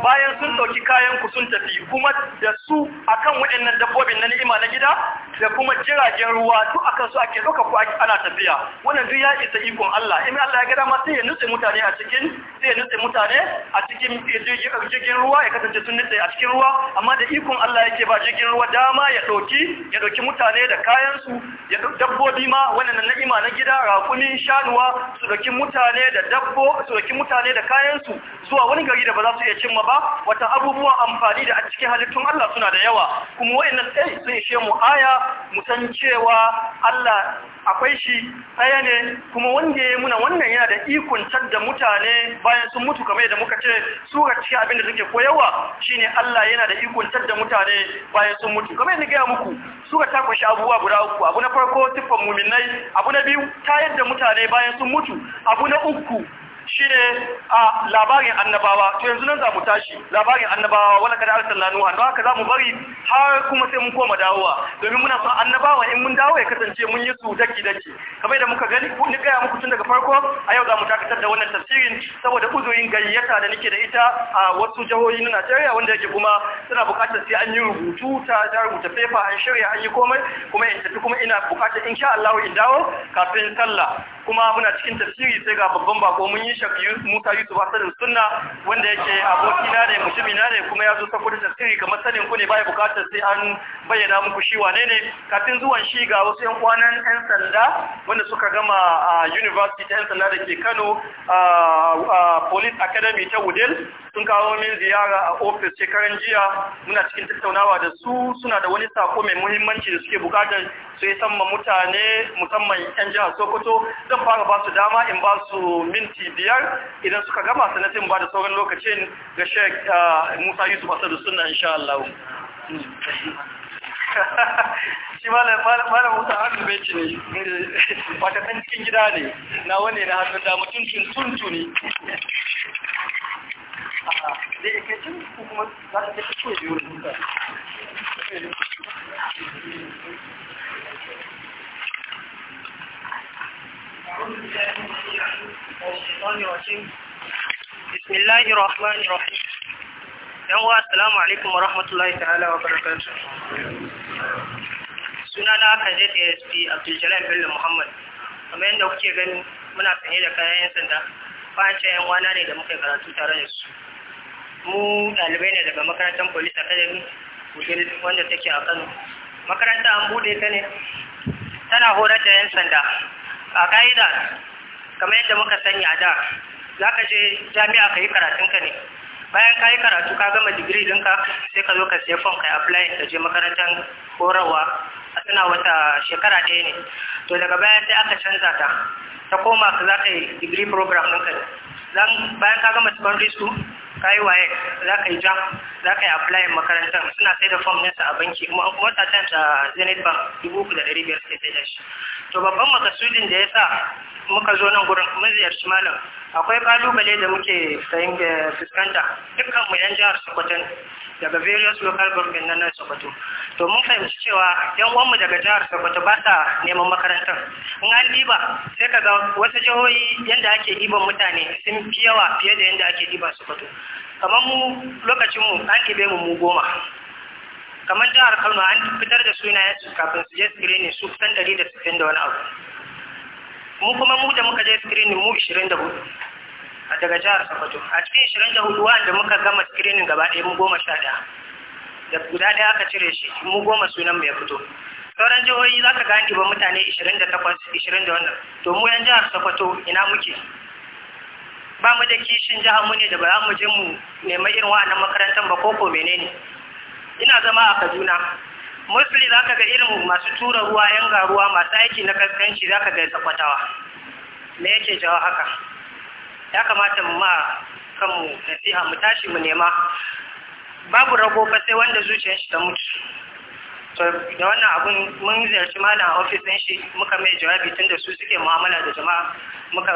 bayan sun dauki kayan ku sun tafi kuma da su akan waɗannan dabbobin na ni'ima na gida da kuma jiragen ruwa duk akan su ake doka ku ana tafiya wannan duk ya isa ikon Allah in Allah ya gada ma sai ya nutse mutane a cikin sai ya nutse mutane a cikin eh, eh, jirgin ruwa ya kasance sun nutse a cikin ruwa amma da ikon Allah yake ba jirgin ruwa dama ya dauki ya dauki mutane da kayan su ya dabbobi ma wannan ni'ima na gida rakumin shanuwa su dauki mutane da dabbo su dauki mutane da kayan su zuwa wani gari da ba za su iya cimma ba wata abubuwan amfani da a cikin halittun Allah suna da yawa kuma wayannan sai sun ishe mu aya mu san cewa Allah akwai shi ɗaya ne kuma wanda ya muna wannan yana da ikon tadda mutane bayan sun mutu kamar yadda muka ce su ga cikin abin da suke koyawa shine Allah yana da ikon da mutane bayan sun mutu kamar yadda gaya muku sura ta shi abubuwa guda uku abu na farko tufan muminai abu na biyu tayar da mutane bayan sun mutu abu na uku ne a labarin annabawa to yanzu nan za mu tashi labarin annabawa wala kada arsalna nuha don haka za mu bari har kuma sai mun koma dawowa domin muna son annabawa in mun dawo ya kasance mun yi su daki daki kamar da muka gani ni gaya muku tun daga farko a yau za mu dakatar da wannan tafsirin saboda uzurin gayyata da nake da ita a wasu jihohi na Najeriya wanda yake kuma suna buƙatar sai an yi rubutu ta da rubuta fefa an shirya an yi komai kuma in tafi kuma ina buƙatar insha Allah in dawo kafin sallah kuma muna cikin tafsiri sai ga babban bako mun yi shafi Musa Yusuf sanin Sunna wanda yake aboki na ne mutumi na ne kuma ya zo ta saboda tafsiri kamar sanin ku ne bai bukatar sai an bayyana muku shi wane ne kafin zuwan shi ga wasu yan kwanan yan sanda wanda suka gama a University ta yan sanda da ke Kano a Police Academy ta Wudel sun kawo min ziyara a office shekaran jiya muna cikin tattaunawa da su suna da wani sako mai muhimmanci da suke bukatar sai san mutane musamman yan jihar Sokoto fara ba su dama in ba su minti biyar idan suka gama sanatin ba da sauran lokacin ga shek ah, musa yusuf da suna insha Allah [LAUGHS] shi malam musa hannu bai ci ne ta ɗan cikin gida ne na wane na hannun da mutum
tuntuntu ne da yake cin kuma za ta ke cikin biyu da بسم
الله الرحمن الرحيم يوم السلام عليكم ورحمة الله تعالى وبركاته sunana Kajet ASP Abdul Bello Muhammad kamar yadda kuke gani muna sanye da kayan yan sanda face yan wana ne da muka karatu tare da su mu ɗalibai ne daga makarantar Police Academy wanda take a Kano makaranta an buɗe ta ne tana horar da yan sanda a ƙa'ida kamar yadda muka sani a da za ka je jami'a ka yi karatunka ne bayan ka yi karatu ka gama digiri dinka sai ka zo ka sai fom ka yi apply ka je makarantar horarwa a suna wata shekara ɗaya ne to daga bayan sai aka canza ta ta koma ka za ka yi digiri program ɗinka ne bayan ka gama secondary school ka yi waye za ka yi jam za ka yi apply makarantar suna sai da fom ne a banki an kuma ta zenith bank dubu uku da ɗari biyar sai sai da shi to babban makasudin da ya sa muka zo nan gurin mun ziyarci malam akwai kalubale da muke sayin da eh, fuskanta dukkan mu yan jihar Sokoto daga various local government na nan Sokoto to mun fahimci cewa yan uwanmu daga jihar Sokoto ba sa neman makarantar in an diba sai kaga wasu jihohi yanda ake diban mutane sun fi yawa fiye da yanda ake diba Sokoto kamar mu lokacin mu an ɗibe mu mu goma kamar jihar Kano an fitar da sunayen su kafin su je screening su kusan 160 da wani abu mu kuma mu da muka je screening mu 24 a daga jihar Sokoto a cikin 24 wanda muka gama screening gaba ɗaya mu goma sha ɗaya da guda ɗaya aka cire shi mu goma sunan mu ya fito sauran jihohi za ka gani ba mutane 28 21 to mu yan jihar Sokoto ina muke ba mu da kishin jihar mu ne da ba za mu je mu nema irin wa'annan makarantar ba koko menene ina zama a Kaduna mostly za ka ga irin masu tura ruwa yanga ruwa masu aiki na kaskanci za ka ga sakwatawa me yake jawo haka ya kamata mu ma kanmu nasiha mu tashi mu nema babu rago fa sai wanda zuciyar shi ta mutu to da wannan abun mun ziyarci malam ofis din shi muka mai jawabi tun da su suke mu'amala da jama'a muka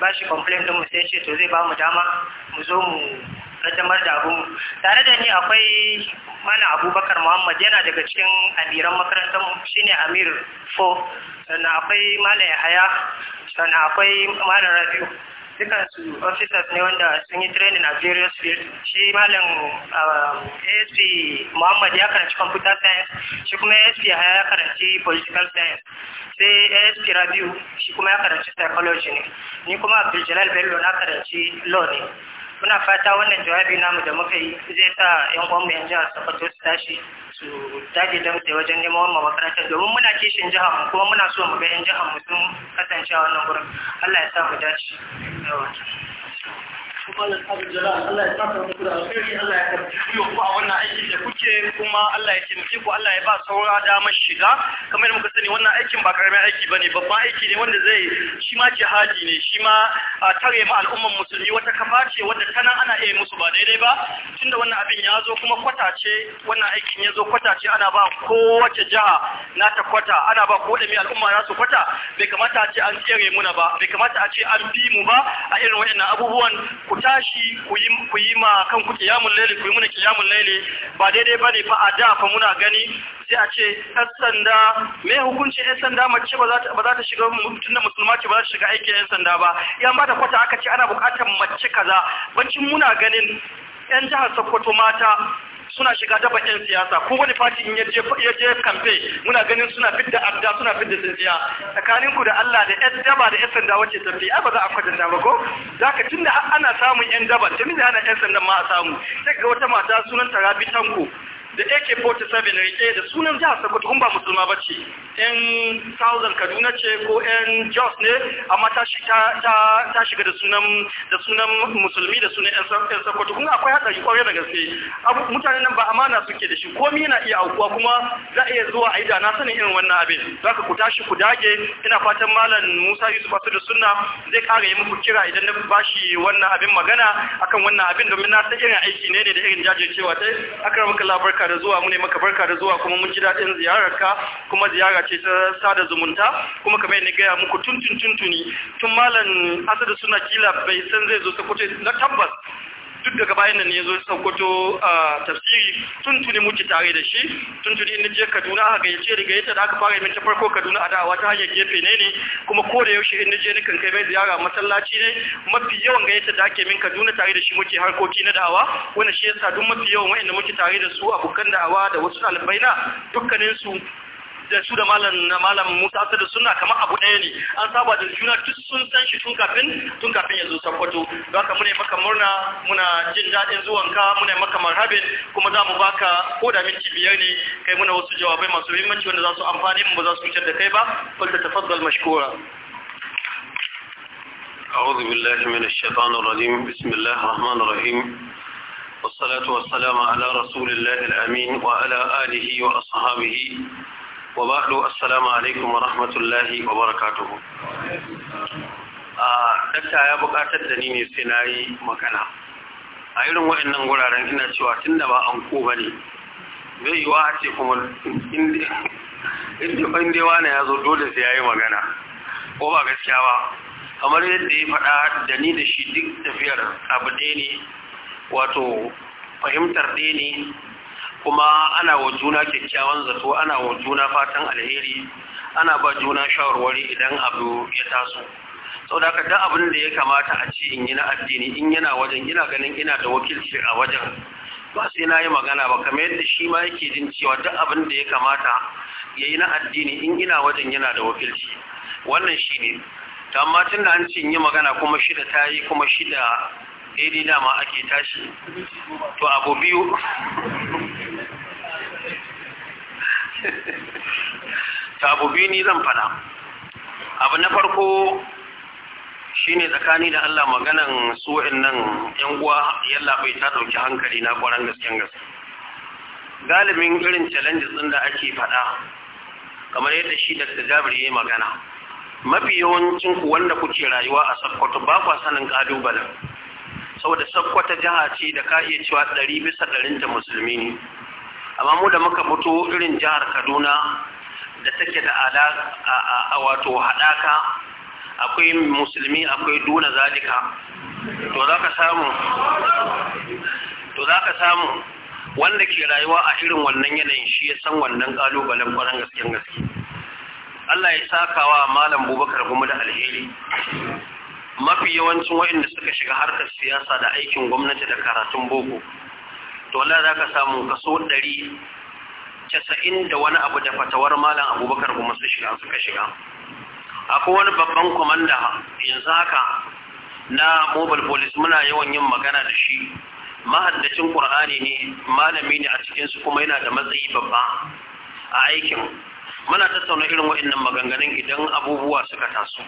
ba shi complaint din mu sai ce to zai ba mu dama mu zo mu rajamar da abu tare da ni akwai mana abubakar muhammad yana daga cikin al'iran makarantar shine amir fo sannan akwai ya yahaya sannan akwai mana rabiu dukkan su officers ne wanda sun yi training a various fields shi malam um, asp muhammad ya karanci computer science shi kuma asp ya karanci political science sai asp rabiu shi kuma ya karanci psychology ne ni kuma abdul bello na karanci law ne muna fata wannan jawabi namu da muka yi zai sa yan uwan yan jihar Sokoto su tashi su dage da mutai wajen neman wannan makarantar domin muna kishin jihar mu kuma muna so mu ga yan jihar mu sun kasance a wannan gurin Allah ya sa mu dace Allah ya Allah ya a
wannan da kuke kuma Allah ya taimake ku Allah ya ba saura damar shiga kamar yadda muka sani wannan aikin ba karamin aiki bane babban aiki ne wanda zai shi ma jihadi ne shi ma tare ma al'umman musulmi wata kafa ce wadda tana ana iya musu ba daidai ba tunda wannan abin ya zo kuma kwata ce wannan aikin ya zo kwata ce ana ba kowace jiha na ta kwata ana ba ko da mai al'umma na su kwata bai kamata a ce an tsere muna ba bai kamata a ce an bi mu ba a irin waɗannan abubuwan ku tashi ku yi ku yi ma kanku kiyamul laili ku yi muna kiyamul laili ba daidai bane fa a da fa muna gani sai a ce ɗan sanda me hukunci ɗan sanda mace ba za ta shiga mutum da musulma ce ba za ta shiga aikin ɗan sanda ba yan ba da kwata aka ce ana buƙatar mace kaza bancin muna ganin 'yan jihar Sokoto mata suna shiga ta yan siyasa ko wani fati in ya je kamfe muna ganin suna fidda adda suna fidda tsintsiya tsakanin ku da Allah da ƴan daba da ƴan sanda wace tafi ai ba za a kwatanta ba ko zaka tunda ana samun ƴan daba tunda ana ƴan sanda ma a samu sai ga wata mata sunanta Rabi Tanko da AK47 rike da sunan jihar Sokoto kuma ba musulma ba ce yan Southern Kaduna ce ko yan Jos ne amma ta shiga da sunan musulmi da sunan yan Sokoto Kuma akwai hatsari kwarai da gaske mutanen nan ba amana suke da shi komai yana iya aukuwa kuma za a iya zuwa a yi da na sanin irin wannan abin ka ku tashi ku dage ina fatan malam Musa Yusuf da Sunna zai kara yi muku kira idan na bashi wannan abin magana akan wannan abin domin na san irin aiki ne da irin jajircewa ta akan labarka da zuwa mune maka barka da zuwa kuma mun ji daɗin ziyararka kuma ziyara ce ta sada zumunta kuma kamar yadda gaya muku tuntun tuntuni tun malam asadu suna kila bai san zai zo sokoto na tabbas duk daga bayan nan ya zo saukoto a tafsiri tun tuni muke tare da shi tun tuni in je Kaduna a gayyace da gayyata da aka fara yi ta farko Kaduna a dawa ta hanyar gefe ne ne kuma ko da yaushe in je nikan kai mai ziyara masallaci ne mafi yawan gayyata da ake min Kaduna tare da shi muke harkoki na da'awa wannan shi yasa duk mafi yawan wayanda muke tare da su abokan dawa da wasu ɗalibai na dukkanin su da su da malam malam Musa da suna kama abu ɗaya ne an saba da juna duk sun san shi tun kafin tun kafin ya zo Sokoto don ka muna maka murna muna jin daɗin zuwanka muna maka marhabin kuma za mu baka ko da minti biyar ne kai muna wasu jawabai masu muhimmanci wanda za su amfani mu ba za su cutar da kai ba
falta tafaddal mashkura أعوذ بالله من الشيطان الرجيم بسم الله الرحمن الرحيم والصلاة والسلام على رسول الله الأمين وعلى آله وأصحابه wa ba'du assalamu alaikum wa rahmatullahi wa barakatuhu a ah, dakta ya bukatar da ni ne sai na yi magana a irin waɗannan guraren ina cewa tun da ba an ko ba ne zai yi wa ce kuma inda wani ya zo dole sai ya yi magana ko ba gaskiya ba kamar yadda ya faɗa da ni da shi duk tafiyar abu ɗaya ne wato fahimtar ɗaya ne kuma ana wa juna kyakkyawan zato ana wa juna fatan alheri ana ba juna shawarwari idan abu ya taso sau da ka abin da ya kamata a ci in yi na addini in yana wajen ina ganin ina da wakilci a wajen ba sai na yi magana ba kamar yadda shi ma yake jin cewa duk abin da ya kamata ya yi na addini in ina wajen yana da wakilci wannan shi ne amma tun da an ce in yi magana kuma shida ta yi kuma shida daidai dama ake tashi to abu biyu ta abu biyu ni zan fada abu na farko shi ne tsakani da Allah maganan su nan yan uwa yalla bai ta dauki hankali na kwaran gasken gas galibin irin challenges din da ake fada kamar yadda shi da Jabir yayi magana mafi yawancin ku wanda kuke rayuwa a Sokoto ba kwa sanin kalubalen saboda sakkwata jiha ce da ka iya cewa ɗari bisa ɗarin da musulmi ne amma mu da muka fito irin jihar kaduna da take da ala a wato haɗaka akwai musulmi akwai duna zalika to za ka samu to za ka samu wanda ke rayuwa a irin wannan yanayin shi ya san wannan ƙalubalen ƙwarar gaske gaske Allah ya sakawa malam bubakar kuma da alheri mafi yawancin waɗanda suka shiga harkar siyasa da aikin gwamnati da karatun boko to Allah za ka samu kaso ɗari casa'in da wani abu da fatawar malam abubakar kuma su shiga suka shiga akwai wani babban kwamanda yanzu haka na mobile police muna yawan yin magana da shi mahaddacin ƙur'ani ne malami ne a cikinsu kuma yana da matsayi babba a aikin muna tattauna irin waɗannan maganganun idan abubuwa suka taso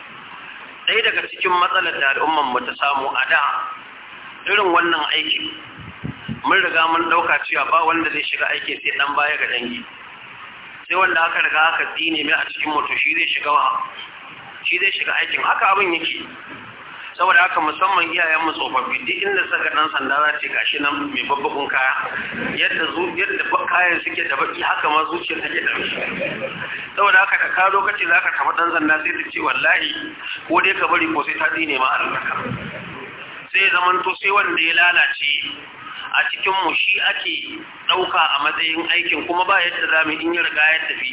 ɗaya daga cikin matsalar da al'umman mu ta samu a da irin wannan aiki mun riga mun ɗauka cewa ba wanda zai shiga aiki sai ɗan baya ga dangi sai wanda aka riga aka tsine mai a cikin mutu shi zai shiga wa shi zai shiga aikin haka abin yake saboda haka musamman iyayen tsofaffi duk inda saka dan sanda za ce gashi nan mai babbakun kaya yadda zu yadda kayan suke da baki haka ma zuciyar take da shi saboda haka da ka lokaci zaka tafi dan sanda sai ta ce wallahi ko dai ka bari ko sai ta dine ma albarka sai zaman to sai wanda ya lalace a cikin mu shi ake dauka a matsayin aikin kuma ba yadda zamu in yarga riga ya tafi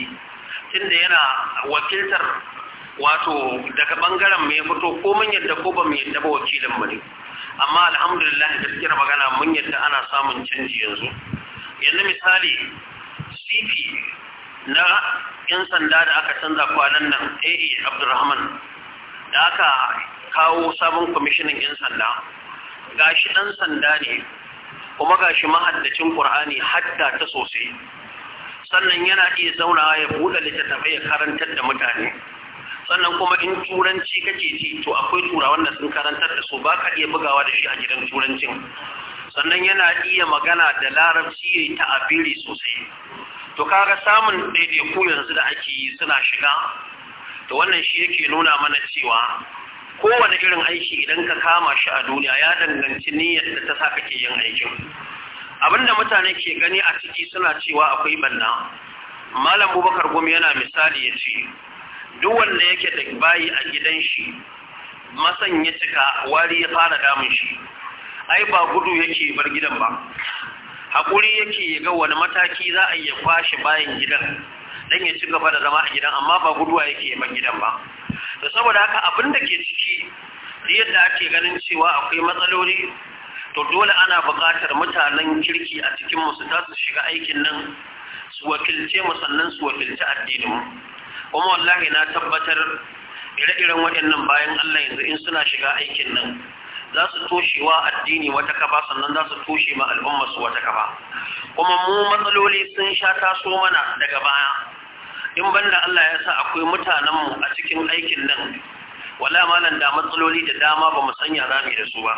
tunda yana wakiltar wato daga bangaren ya fito ko mun yadda ko ba mu yadda ba wakilin mu ne amma alhamdulillah gaskiyar magana mun yadda ana samun canji yanzu yanzu misali cp na yan sanda da aka canza kwanan nan ae abdurrahman da aka kawo sabon kwamishinan yan sanda gashi dan sanda ne kuma gashi mahaddacin qur'ani hadda ta sosai sannan yana iya zaunawa ya buɗe littattafai ya karantar da mutane sannan kuma in turanci kake ji to akwai turawan da sun karantar da su ba ka iya bugawa da shi a gidan turancin sannan yana iya magana da larabci ya ta ta'abiri sosai to kaga samun ɗaiɗaiku yanzu da ake yi suna shiga to wannan shi yake nuna mana cewa kowane irin aiki idan ka kama shi a duniya ya danganci niyyar da ta sa kake yin aikin Abin da mutane ke gani a ciki suna cewa akwai banna malam bubakar gumi yana misali ya ce duk wanda yake da bayi a gidan shi masan ya cika wari ya fara damun shi ai ba gudu yake bar gidan ba haƙuri yake ya ga wani mataki za a iya kwashe bayan gidan dan ya ci gaba da zama a gidan amma ba guduwa yake ya bar gidan ba da saboda haka abin da ke ciki da yadda ake ganin cewa akwai matsaloli to dole ana buƙatar mutanen kirki a cikin musu za su shiga aikin nan su wakilce mu sannan su wakilce addinin mu kuma wallahi na tabbatar ire-iren waɗannan bayan Allah yanzu in suna shiga aikin nan za su toshewa addini wata kaba sannan za su toshe ma al'umma su wata kaba kuma mu matsaloli sun sha taso mana daga baya in banda Allah ya sa akwai mutanenmu a cikin aikin nan wala malan da matsaloli da dama ba mu sanya za da su ba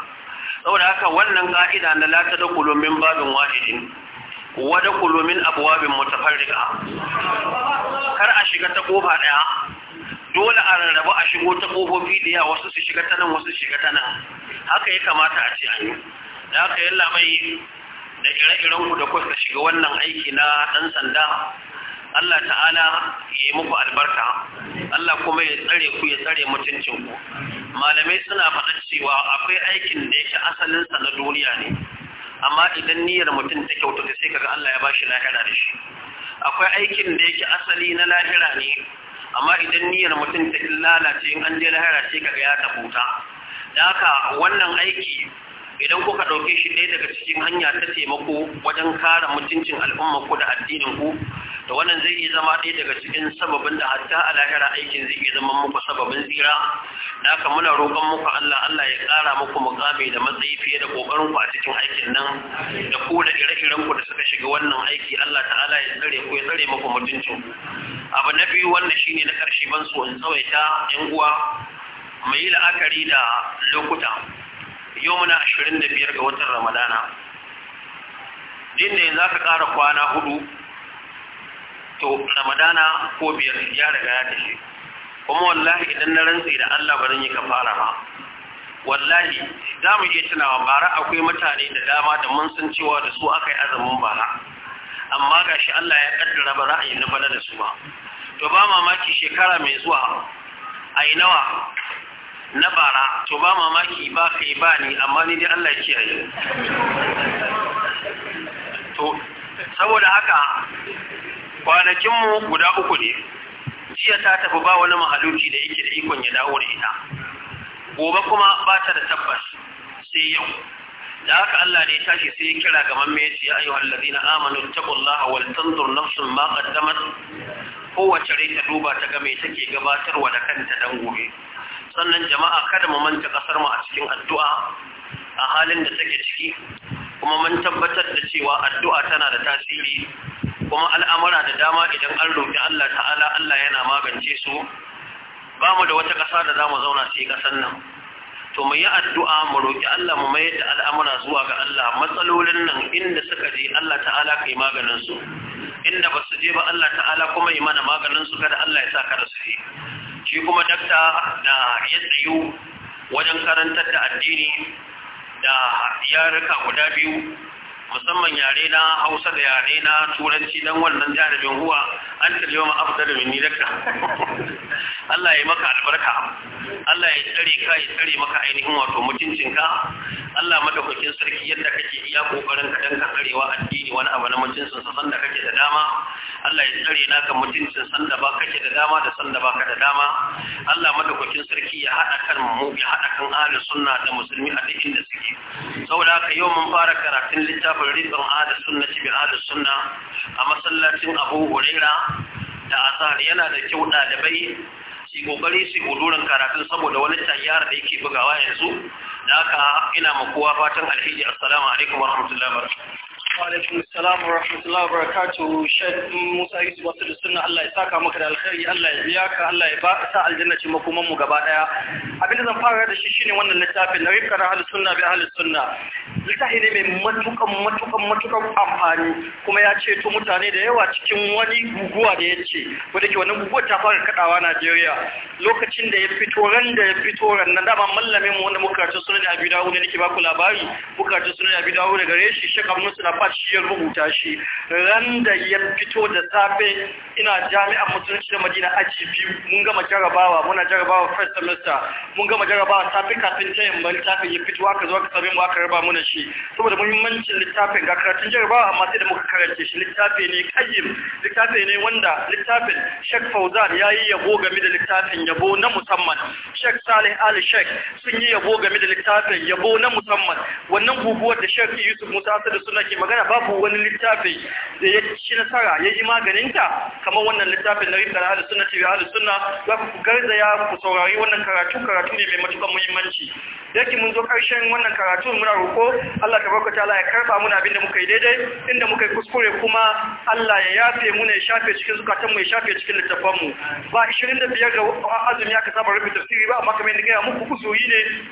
saboda haka wannan ka'ida na la tadkhulu min babin wahidin wada kulumin abuwabin mutafarrika kar a shiga ta kofa ɗaya dole a rarraba a shigo ta kofofi da ya wasu su shiga ta nan wasu shiga ta nan haka ya kamata a ce a yi da haka yalla mai da ire-iren ku da kuka shiga wannan aiki na dan sanda Allah ta'ala ya yi muku albarka Allah kuma ya tsare ku ya tsare mutuncinku malamai suna faɗa cewa akwai aikin da yake asalinsa na duniya ne amma idan niyyar mutum ta kyautata sai kaga Allah ya ba shi lahira da shi akwai aikin da yake asali na lahira ne amma idan niyyar mutum ta lalace in an je lahira sai kaga ya tabuta da haka wannan aiki idan kuka ɗauke shi ɗaya daga cikin hanya ta taimako wajen kare mutuncin al'umma ku da addinin ku da wannan zai iya zama ɗaya daga cikin sababin da hatta a lahira aikin zai iya zama muku sababin tsira da haka muna roƙon muku Allah Allah ya ƙara muku muƙami da matsayi fiye da ƙoƙarin ku a cikin aikin nan da ku da ire-iren ku da suka shiga wannan aiki Allah ta'ala ya tsare ku ya tsare muku mutuncin abu na biyu wannan shine na ƙarshe ban so in tsawaita 'yan uwa mu yi la'akari da lokuta yau muna ashirin da biyar ga watan ramadana din da yanzu aka ƙara kwana hudu to ramadana ko biyar ya riga ya tafi kuma wallahi idan na rantsi da allah ba zan yi kafara ba wallahi za mu iya tunawa bara akwai mutane da dama da mun san cewa da su aka yi azumin bara amma ga shi allah ya kaddara ba za a yi na bana da su ba to ba mamaki shekara mai zuwa a yi nawa na bara to ba mamaki ba kai ba ni amma ni dai Allah ya kiyaye to saboda haka kwanakinmu guda uku ne jiya ta tafi ba wani mahaluki da yake da ikon ya dawo da ita gobe kuma ba ta da tabbas sai yau da haka Allah ne tashi sai ya kira ga mamme yace ya ayyuhal ladina amanu taqullaha wal tanzur nafsun ma qaddamat kowace rai ta duba ta ga me take gabatarwa da kanta dan gobe sannan jama'a kada mu manta kasar mu a cikin addu'a a halin da take ciki kuma mun tabbatar da cewa addu'a tana da tasiri kuma al'amura da dama idan an roƙi Allah ta'ala Allah yana magance su ba mu da wata ƙasa da za mu zauna sai ƙasar nan to mu yi addu'a mu roƙi Allah mu mayar da al'amura zuwa ga Allah matsalolin nan inda suka je Allah ta'ala kai maganin su inda ba su je ba Allah ta'ala kuma yi mana maganin su kada Allah ya sa kada su yi shi kuma dakta da ya tsayu wajen karantar da addini da yarika guda biyu musamman yare na hausa da yare na turanci don wannan jarabin huwa an kalli ma afdar min ni daka [LAUGHS] Allah ya maka albarka Allah ya tsare ka ya tsare maka ainihin wato mutuncinka Allah madaukakin sarki yadda kake iya kokarin ka dan ka tsarewa addini wani abu na mutuncin sa sanda kake da dama Allah ya tsare na naka mutuncin sanda ba kake da dama da sanda ba ka da dama Allah madaukakin sarki ya hada kan mu ya hada kan ahli sunna da musulmi a duk da suke saboda haka yau mun fara karatun littafin rikon ahli sunna bi ahli sunna a masallacin Abu Huraira da Azhar yana da kyau ɗalibai su kokari su gudurin karatu, saboda wani tayyar da yake bugawa yanzu da haka ina ma kowa fatan alheri assalamu alaikum warahmatullahi wabarakatuh Walaikun salam wa
rahmatullahi wa barakatuhu Sheikh Musa Yusuf wasu da sunna Allah ya saka maka da alkhairi Allah ya biya ka Allah ya ba sa aljanna ce makoman mu gaba daya abin da zan fara da shi shine wannan littafin na rifkar ahlus sunna bi ahlus sunna littafi ne mai matukan matukan matukan amfani kuma ya ceto mutane da yawa cikin wani guguwa da yace wanda ke wannan guguwa ta fara kadawa Najeriya lokacin da ya fito ran da ya fito ran nan dama mallamin mu wanda muka karanta sunan Abi Dawud ne nake ba ku labari muka karanta sunan Abi Dawud daga reshi Sheikh Abdul tabbas ya rubuta shi ran da ya fito da safe ina jami'an musulunci da madina a biyu mun gama jarabawa muna jarabawa first semester mun gama jarabawa safe kafin ta yamma littafin ya fito aka zo aka sami mu aka raba muna shi saboda muhimmancin littafin ga karatun jarabawa amma sai da muka karanta shi littafi ne kayyim littafi ne wanda littafin shek Fauzan ya yi yabo game da littafin yabo na musamman Sheikh Salih Ali Sheikh sun yi yabo game da littafin yabo na musamman wannan guguwar da Sheikh Yusuf Musa da suna ke magana babu wani littafi da ya ci nasara ya yi maganinta kamar wannan littafin na rikar ahalus suna tv ahalus suna za ku garzaya ku saurari wannan karatu karatu ne mai matuƙar muhimmanci yake mun zo ƙarshen wannan karatu muna roƙo Allah ta ta'ala ya karba muna abin da muka yi daidai inda muka yi kuskure kuma Allah ya yafe mu ne shafe cikin zukatanmu ya shafe cikin littafan mu ba 25 ga azumi aka saba rubuta tafsiri ba amma kamar ga muku kusuri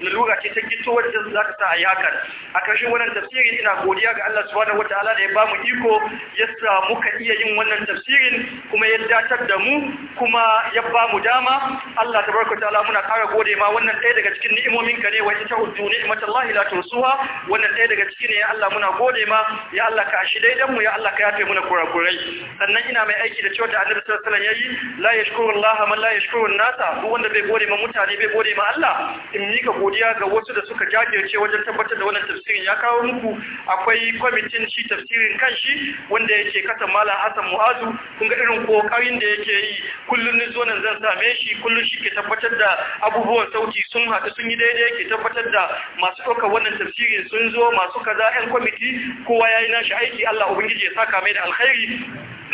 ne lura ce ta gito wacce za ka sa a yakan. a ƙarshen wannan tafsiri ina godiya ga Allah subhanahu wataala da ya bamu iko ya sa muka iya yin wannan tafsirin kuma ya datar da mu kuma ya bamu dama Allah tabaraka wataala muna kara gode ma wannan ɗaya daga cikin ni'imomin ka ne wa ita huddu ni'matallahi la tusuha wannan ɗaya daga cikin ne Allah muna gode ma ya Allah ka ashi daidan mu ya Allah ka yafe muna kurakurai sannan ina mai aiki da cewa da Annabi sallallahu alaihi wasallam yayi la yashkuru Allah man la yashkuru nasa duk wanda bai gode ma mutane bai gode ma Allah in mika godiya ga wasu da suka jajirce wajen tabbatar da wannan tafsirin ya kawo muku akwai kwamiti cikin shi tafsirin kanshi wanda yake kasa mala hasan mu'azu kun ga irin kokarin da yake yi kullun ne zo nan zan same shi kullun shi ke tabbatar da abubuwan sauti sun haɗu sun yi daidai ke tabbatar da masu ɗauka wannan tafsirin sun zo masu kaza 'yan kwamiti kowa ya yi nashi aiki Allah ubangiji ya saka mai da alkhairi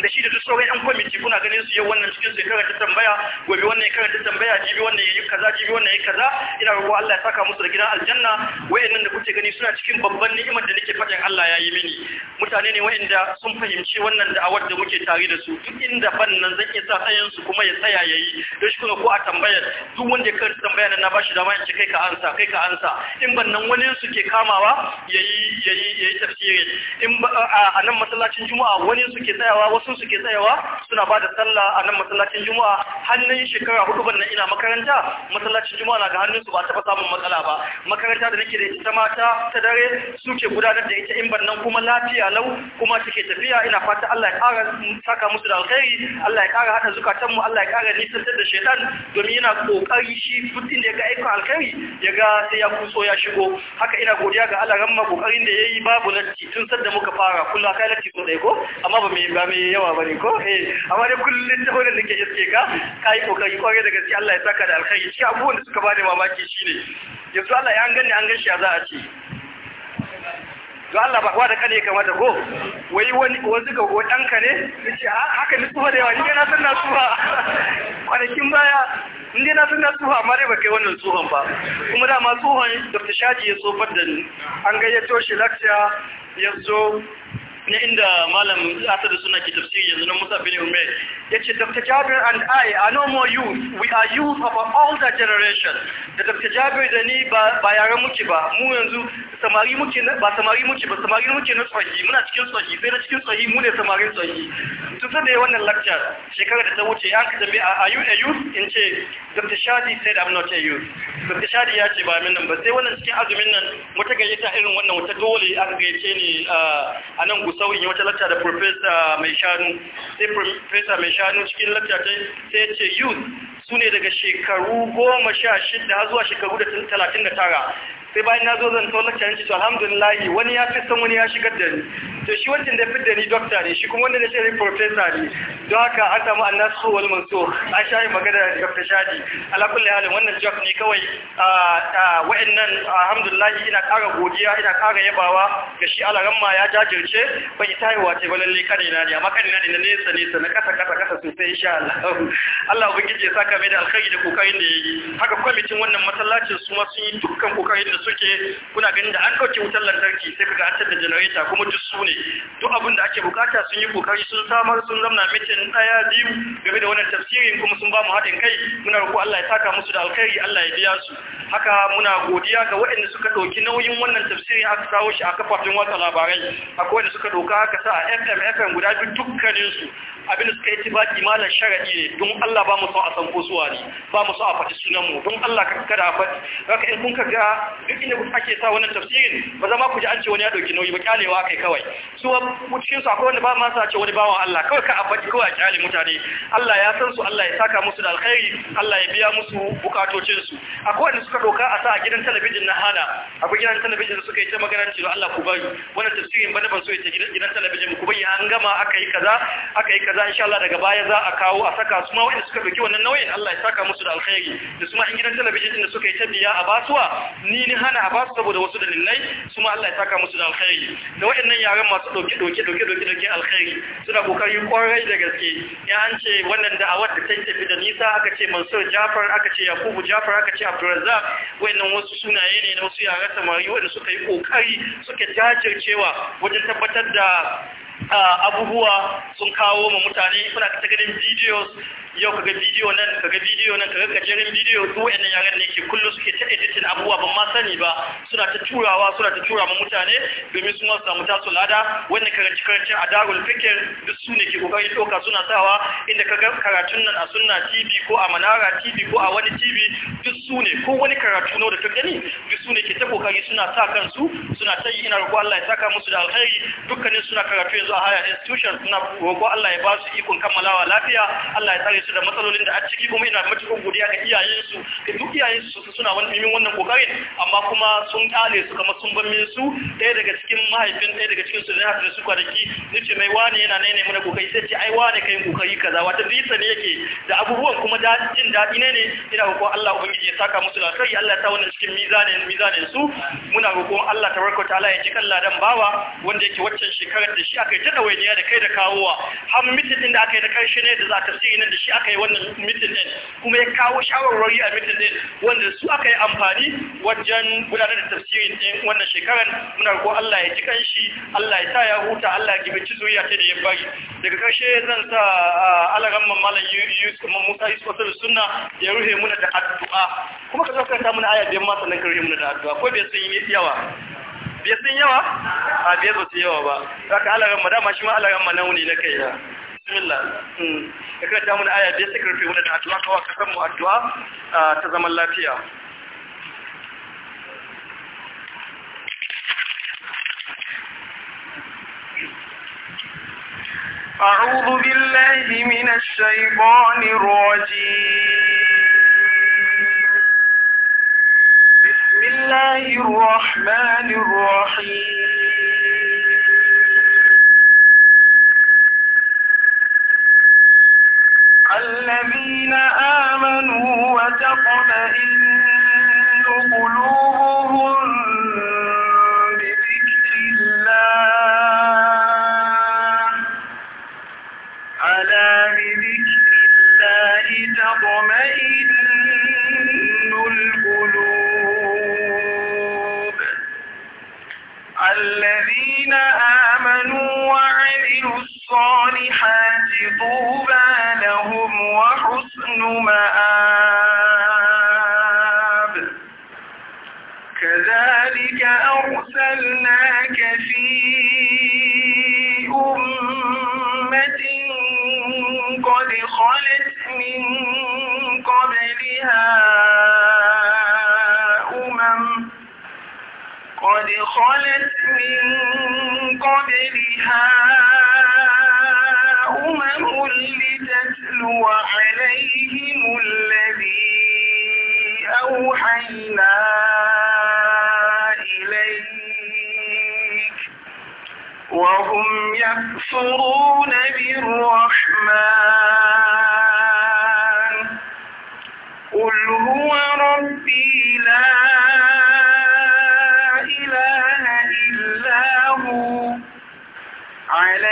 da shi da duk sauran yan kwamiti kuna ganin su yau wannan cikin shekara ta tambaya gobe wannan ya karanta tambaya jibi wannan ya yi kaza jibi wannan ya yi kaza ina roƙo Allah ya saka musu da gidan aljanna wayannan da kuke gani suna cikin babban ni'imar da nake fatan Allah ya yi mini mutane ne wayanda sun fahimci wannan da'awar da muke tare da su duk inda bannan zan iya sa tsayin su kuma ya tsaya yayi don shi kuma ko a tambayar duk wanda ya karanta tambaya nan na bashi dama in ce kai ka ansa kai ka ansa in bannan wani su ke kamawa yayi yayi yayi tafsiri in a nan masallacin juma'a wani su ke tsayawa wasu su suke tsayawa suna ba da sallah a nan masallacin juma'a hannun shekara hudu ban ina makaranta masallacin juma'a na ga hannun su ba taɓa samun matsala ba makaranta da nake da ita mata ta dare suke gudanar da ita in ban nan kuma lafiya lau kuma suke tafiya ina fata Allah ya ƙara saka musu da alkhairi Allah ya kara haɗa zukatan mu Allah ya ƙara nisantar da shaitan domin yana kokari shi fitin da ya ga aikin alkhairi ya ga sai ya kuso ya shigo haka ina godiya ga Allah ramma kokarin da yayi babu latti tun da muka fara kullu kai latti dai ko amma ba mai ba mai yawa bane ko eh amma dai kullun da wannan nake iske ka kai kokari kwarai da gaske Allah ya saka da alkhairi shi abubuwan da suka bada mamaki shine yanzu Allah ya gani an gan shi za a ce to Allah ba kwa da kane kamata ko wai wani wanzu ga dan ka ne a ah, haka ni tsufa da yawa ni na san na tsufa [LAUGHS] kwanakin baya in na san na tsufa amma dai ba kai wannan tsufan ba kuma da ma tsufan Dr. Shaji ya tsofar da ni an ya shi lecture ya zo na inda malam asar suna ke tafsiri yanzu na Musa bin ya yace Dr. Jabir and I are no more youth we are youth of an older generation da Dr. Jabir da ni ba ba yaran muke ba mu yanzu samari muke ba samari muke ba samari muke na tsohi muna cikin tsohi sai na cikin tsohi mu ne samarin tsohi tun sai da wannan lakcar shekara da ta wuce an ka tambaye are you a youth in ce Dr. Shadi said I'm not a youth Dr. Shadi ya ce ba min nan ba sai wannan cikin azumin nan wata gayyata irin wannan wata dole aka gayyace ni ah, a nan sauyin wata lakta da profesa mai shanu sai profesa mai shanu cikin lakta ta sai ce youth su ne daga shekaru goma sha shida zuwa shekaru da talatin da tara sai bayan na zo zan tolaka yanci to alhamdulillah wani ya fi san wani ya shigar da ni to shi wancan da ya da ni dokta ne shi kuma wanda da shi profesa ne don haka an samu annasu wal manso an shayi magana da dokta shadi alakulli halin wannan jok ne kawai wa'annan alhamdulillah ina kara godiya ina kara yabawa ga shi alaramma ya jajirce bai ita yi wace ba lalle kare na ne amma kare na ne na nesa nesa na kasa kasa kasa sosai insha Allah Allah ubangiji ya saka mai da alkhairi da kokarin da yayi haka kwamitin wannan masallacin su ma sun yi dukkan kokarin da suke kuna ganin da an ɗauke wutar lantarki sai kaga an da janareta kuma duk su ne duk abin da ake bukata sun yi kokari sun samar sun zamna mitin ɗaya biyu game da wannan tafsirin kuma sun ba mu haɗin kai muna roƙo Allah ya saka musu da alkhairi Allah ya biya su haka muna godiya ga waɗanda suka ɗauki nauyin wannan tafsirin aka kawo shi a kafafen watsa labarai akwai waɗanda suka ɗauka aka sa a FM FM guda biyu dukkanin su abin da suka yi tibaki malam sharadi ne don Allah ba mu so a san ko suwa ne ba mu so a faɗi sunan mu don Allah kada a faɗi in kun ka ga duk inda ake sa wannan tafsirin ba zama ku ji an ce wani ya dauki nauyi ba kyalewa kai kawai su cikin su akwai wanda ba ma sa ce wani bawan Allah kawai ka abaji kawai kyale mutane Allah ya san su Allah ya saka musu da alkhairi Allah ya biya musu bukatocin su akwai wanda suka doka a sa a gidan talabijin na hana akwai gidan talabijin suka yi ta magana cewa Allah ku bari wannan tafsirin bana ban so ya ce gidan talabijin ku bari an gama aka yi kaza aka yi kaza insha Allah daga baya za a kawo a saka su ma wanda suka doki wannan nauyin Allah ya saka musu da alkhairi da su ma in gidan talabijin da suka yi ta biya a basuwa ni ne hana a basu saboda wasu dalilai su ma Allah ya saka musu da alkhairi da waɗannan yaran masu ɗauke ɗauke ɗauke ɗauke ɗauke alkhairi suna kokari kwarai da gaske ya an ce wannan da'awar da ta yi tafi da nisa aka ce Mansur Jafar aka ce Yakubu Jafar aka ce Abdulrazzaq waɗannan wasu sunaye ne na wasu yaran samari waɗanda suka yi ƙoƙari suka jajircewa wajen tabbatar da abubuwa sun kawo ma mutane suna ta ganin videos yau kaga bidiyo nan kaga bidiyo nan kaga gajeren bidiyo duk wayannan yaran ne ke kullum suke ta editin abubuwa ban ma sani ba suna ta turawa suna ta tura ma mutane domin su ma samu tasu lada wannan karanci karanci a darul fikir duk su ne ke kokarin doka suna sawa inda kaga karatun nan a sunna tv ko a manara tv ko a wani tv duk su ne ko wani karatu na da ta gani duk su ne ke ta kokari suna sa kansu suna ta yi ina roƙo Allah ya saka musu da alkhairi dukkanin suna karatu yanzu a haya institution suna roƙo Allah ya ba su ikon kammalawa lafiya Allah ya tsare su da matsalolin da a ciki kuma ina matuƙar godiya ga iyayensu ga duk iyayensu suna wani mimin wannan kokarin amma kuma sun kale su kamar sun bar su ɗaya daga cikin mahaifin ɗaya daga cikin su da haka su kwanaki nace mai wani yana nene mana kokari sai ce ai wani kai kokari kaza wata bisa ne yake da abubuwan kuma da jin daɗi ne ne ina roƙon Allah ubangiji ya saka musu kai Allah ya sa wannan cikin mizanin mizanin su muna roƙon Allah tabaraka ta'ala ya ji kan ladan bawa wanda yake waccan shekarar da shi aka kai ta da kai da kawowa har mitin ɗin da aka yi na karshe ne da za ta nan da shi aka yi wannan mitin ɗin kuma ya kawo shawarwari a mitin ɗin wanda su aka yi amfani wajen gudanar da tafsirin din wannan shekaran muna roƙo Allah ya ji kanshi Allah ya sa ya huta Allah ya gibanci zuriya ta da ya bari daga karshe zan sa alagan mamalan Yusuf Musa Yusuf sunna ya ruhe muna da addu'a kuma ka zo ka ta muna aya da yamma sannan ka ruhe muna da addu'a ko bai san yi yawa biyar sun yawa a biyar ba su yawa ba za ka alaran ma dama shi ma alaran ma nauni na kai ya bismillah ka karanta mana aya biyar suka rufe wani da addu'a kawai ka san mu addu'a ta zaman lafiya
أعوذ بالله من الشيطان الرجيم بسم الله الرحمن الرحيم الذين آمنوا وتطمئن قلوبهم بذكر الله على بذكر الله تطمئن الذين آمنوا وعملوا الصالحات طوبى لهم وحسن مآب كذلك أرسلناك في أمة قد خلت من قبلها أمم قد خلت من قبلها أمم لتتلو عليهم الذي أوحينا إليك وهم يكفرون بالرحمن قل هو ربي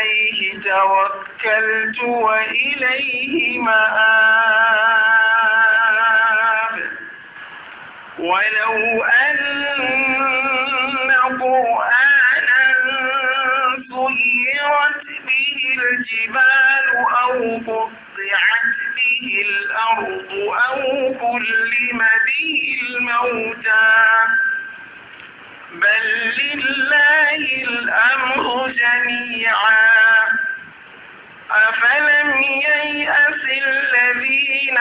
عليه توكلت وإليه مآب
ولو أن
قرآنا سيرت به الجبال أو قطعت به الأرض أو كلم به الموتى بل لله الأمر جميعا أفلم ييأس الذين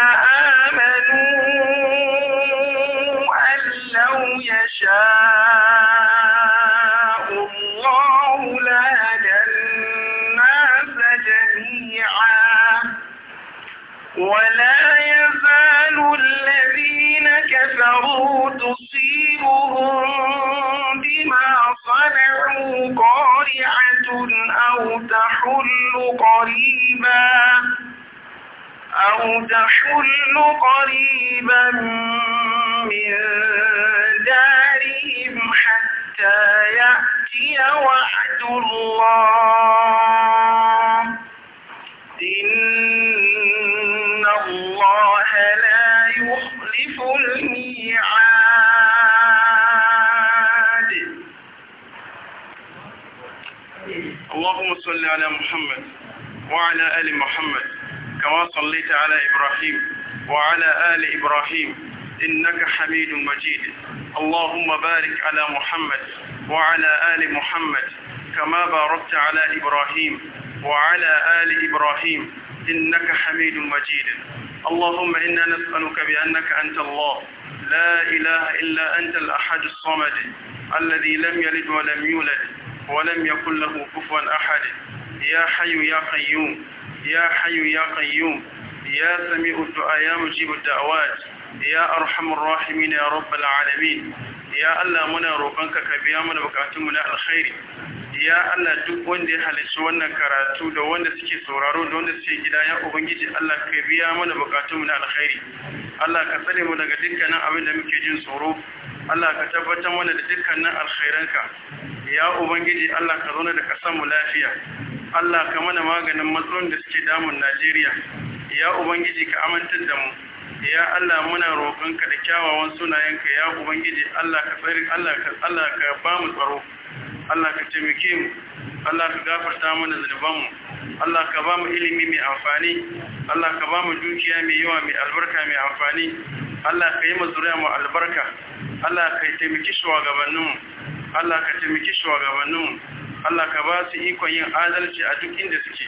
آمنوا أن لو يشاء الله لهدى الناس جميعا ولا يزال كفروا تصيبهم بما صنعوا قارعة أو تحل قريبا أو تحل قريبا من دارهم حتى يأتي وعد الله إن الله لا يخبر يخلف الميعاد
اللهم صل على محمد وعلى آل محمد كما صليت على إبراهيم وعلى آل إبراهيم إنك حميد مجيد اللهم بارك على محمد وعلى آل محمد كما باركت على إبراهيم وعلى آل إبراهيم إنك حميد مجيد اللهم إنا نسألك بأنك أنت الله لا إله إلا أنت الأحد الصمد الذي لم يلد ولم يولد ولم يكن له كفوا أحد يا حي يا قيوم يا حي يا قيوم يا سميع الدعاء يا مجيب الدعوات ya arhamar rahimin ya rabbal alamin ya Allah muna roƙonka ka biya mana bukatunmu na alkhairi ya Allah duk wanda ya halarci wannan karatu da wanda suke sauraro da wanda suke gida ya ubangiji Allah ka biya mana bukatunmu na alkhairi Allah ka tsare mu daga dukkanin abin da muke jin tsoro Allah ka tabbatar mana da dukkanin alkhairanka ya ubangiji Allah ka zauna da samu lafiya Allah ka mana maganin matsalolin da suke damun Najeriya ya ubangiji ka amintar da mu ya Allah muna roƙonka da kyawawan sunayenka ya ubangiji Allah ka tsari Allah ka Allah ka ba mu tsaro Allah ka taimake mu Allah ka gafarta mana zunubanmu Allah ka ba mu ilimi mai amfani Allah ka ba mu dukiya mai yawa mai albarka mai amfani Allah ka yi mazuriya mu albarka Allah ka taimaki shugabanninmu Allah ka taimaki shugabanninmu Allah ka ba su ikon yin adalci a duk inda suke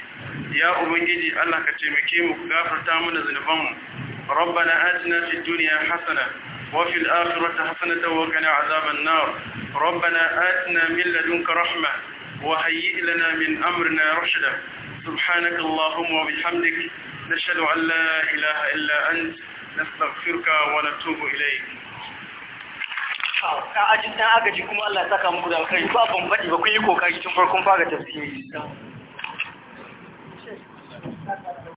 ya ubangiji Allah ka taimake mu gafarta mana zunubanmu ربنا آتنا في الدنيا حسنة وفي الآخرة حسنة وقنا عذاب النار ربنا آتنا من لدنك رحمة وهيئ لنا من أمرنا رشدا سبحانك اللهم وبحمدك نشهد أن لا إله إلا أنت نستغفرك ونتوب إليك
dan agaji kuma Allah
ya saka muku da alkhairi ba ban ba kun yi kokari tun farkon fara
tafsiri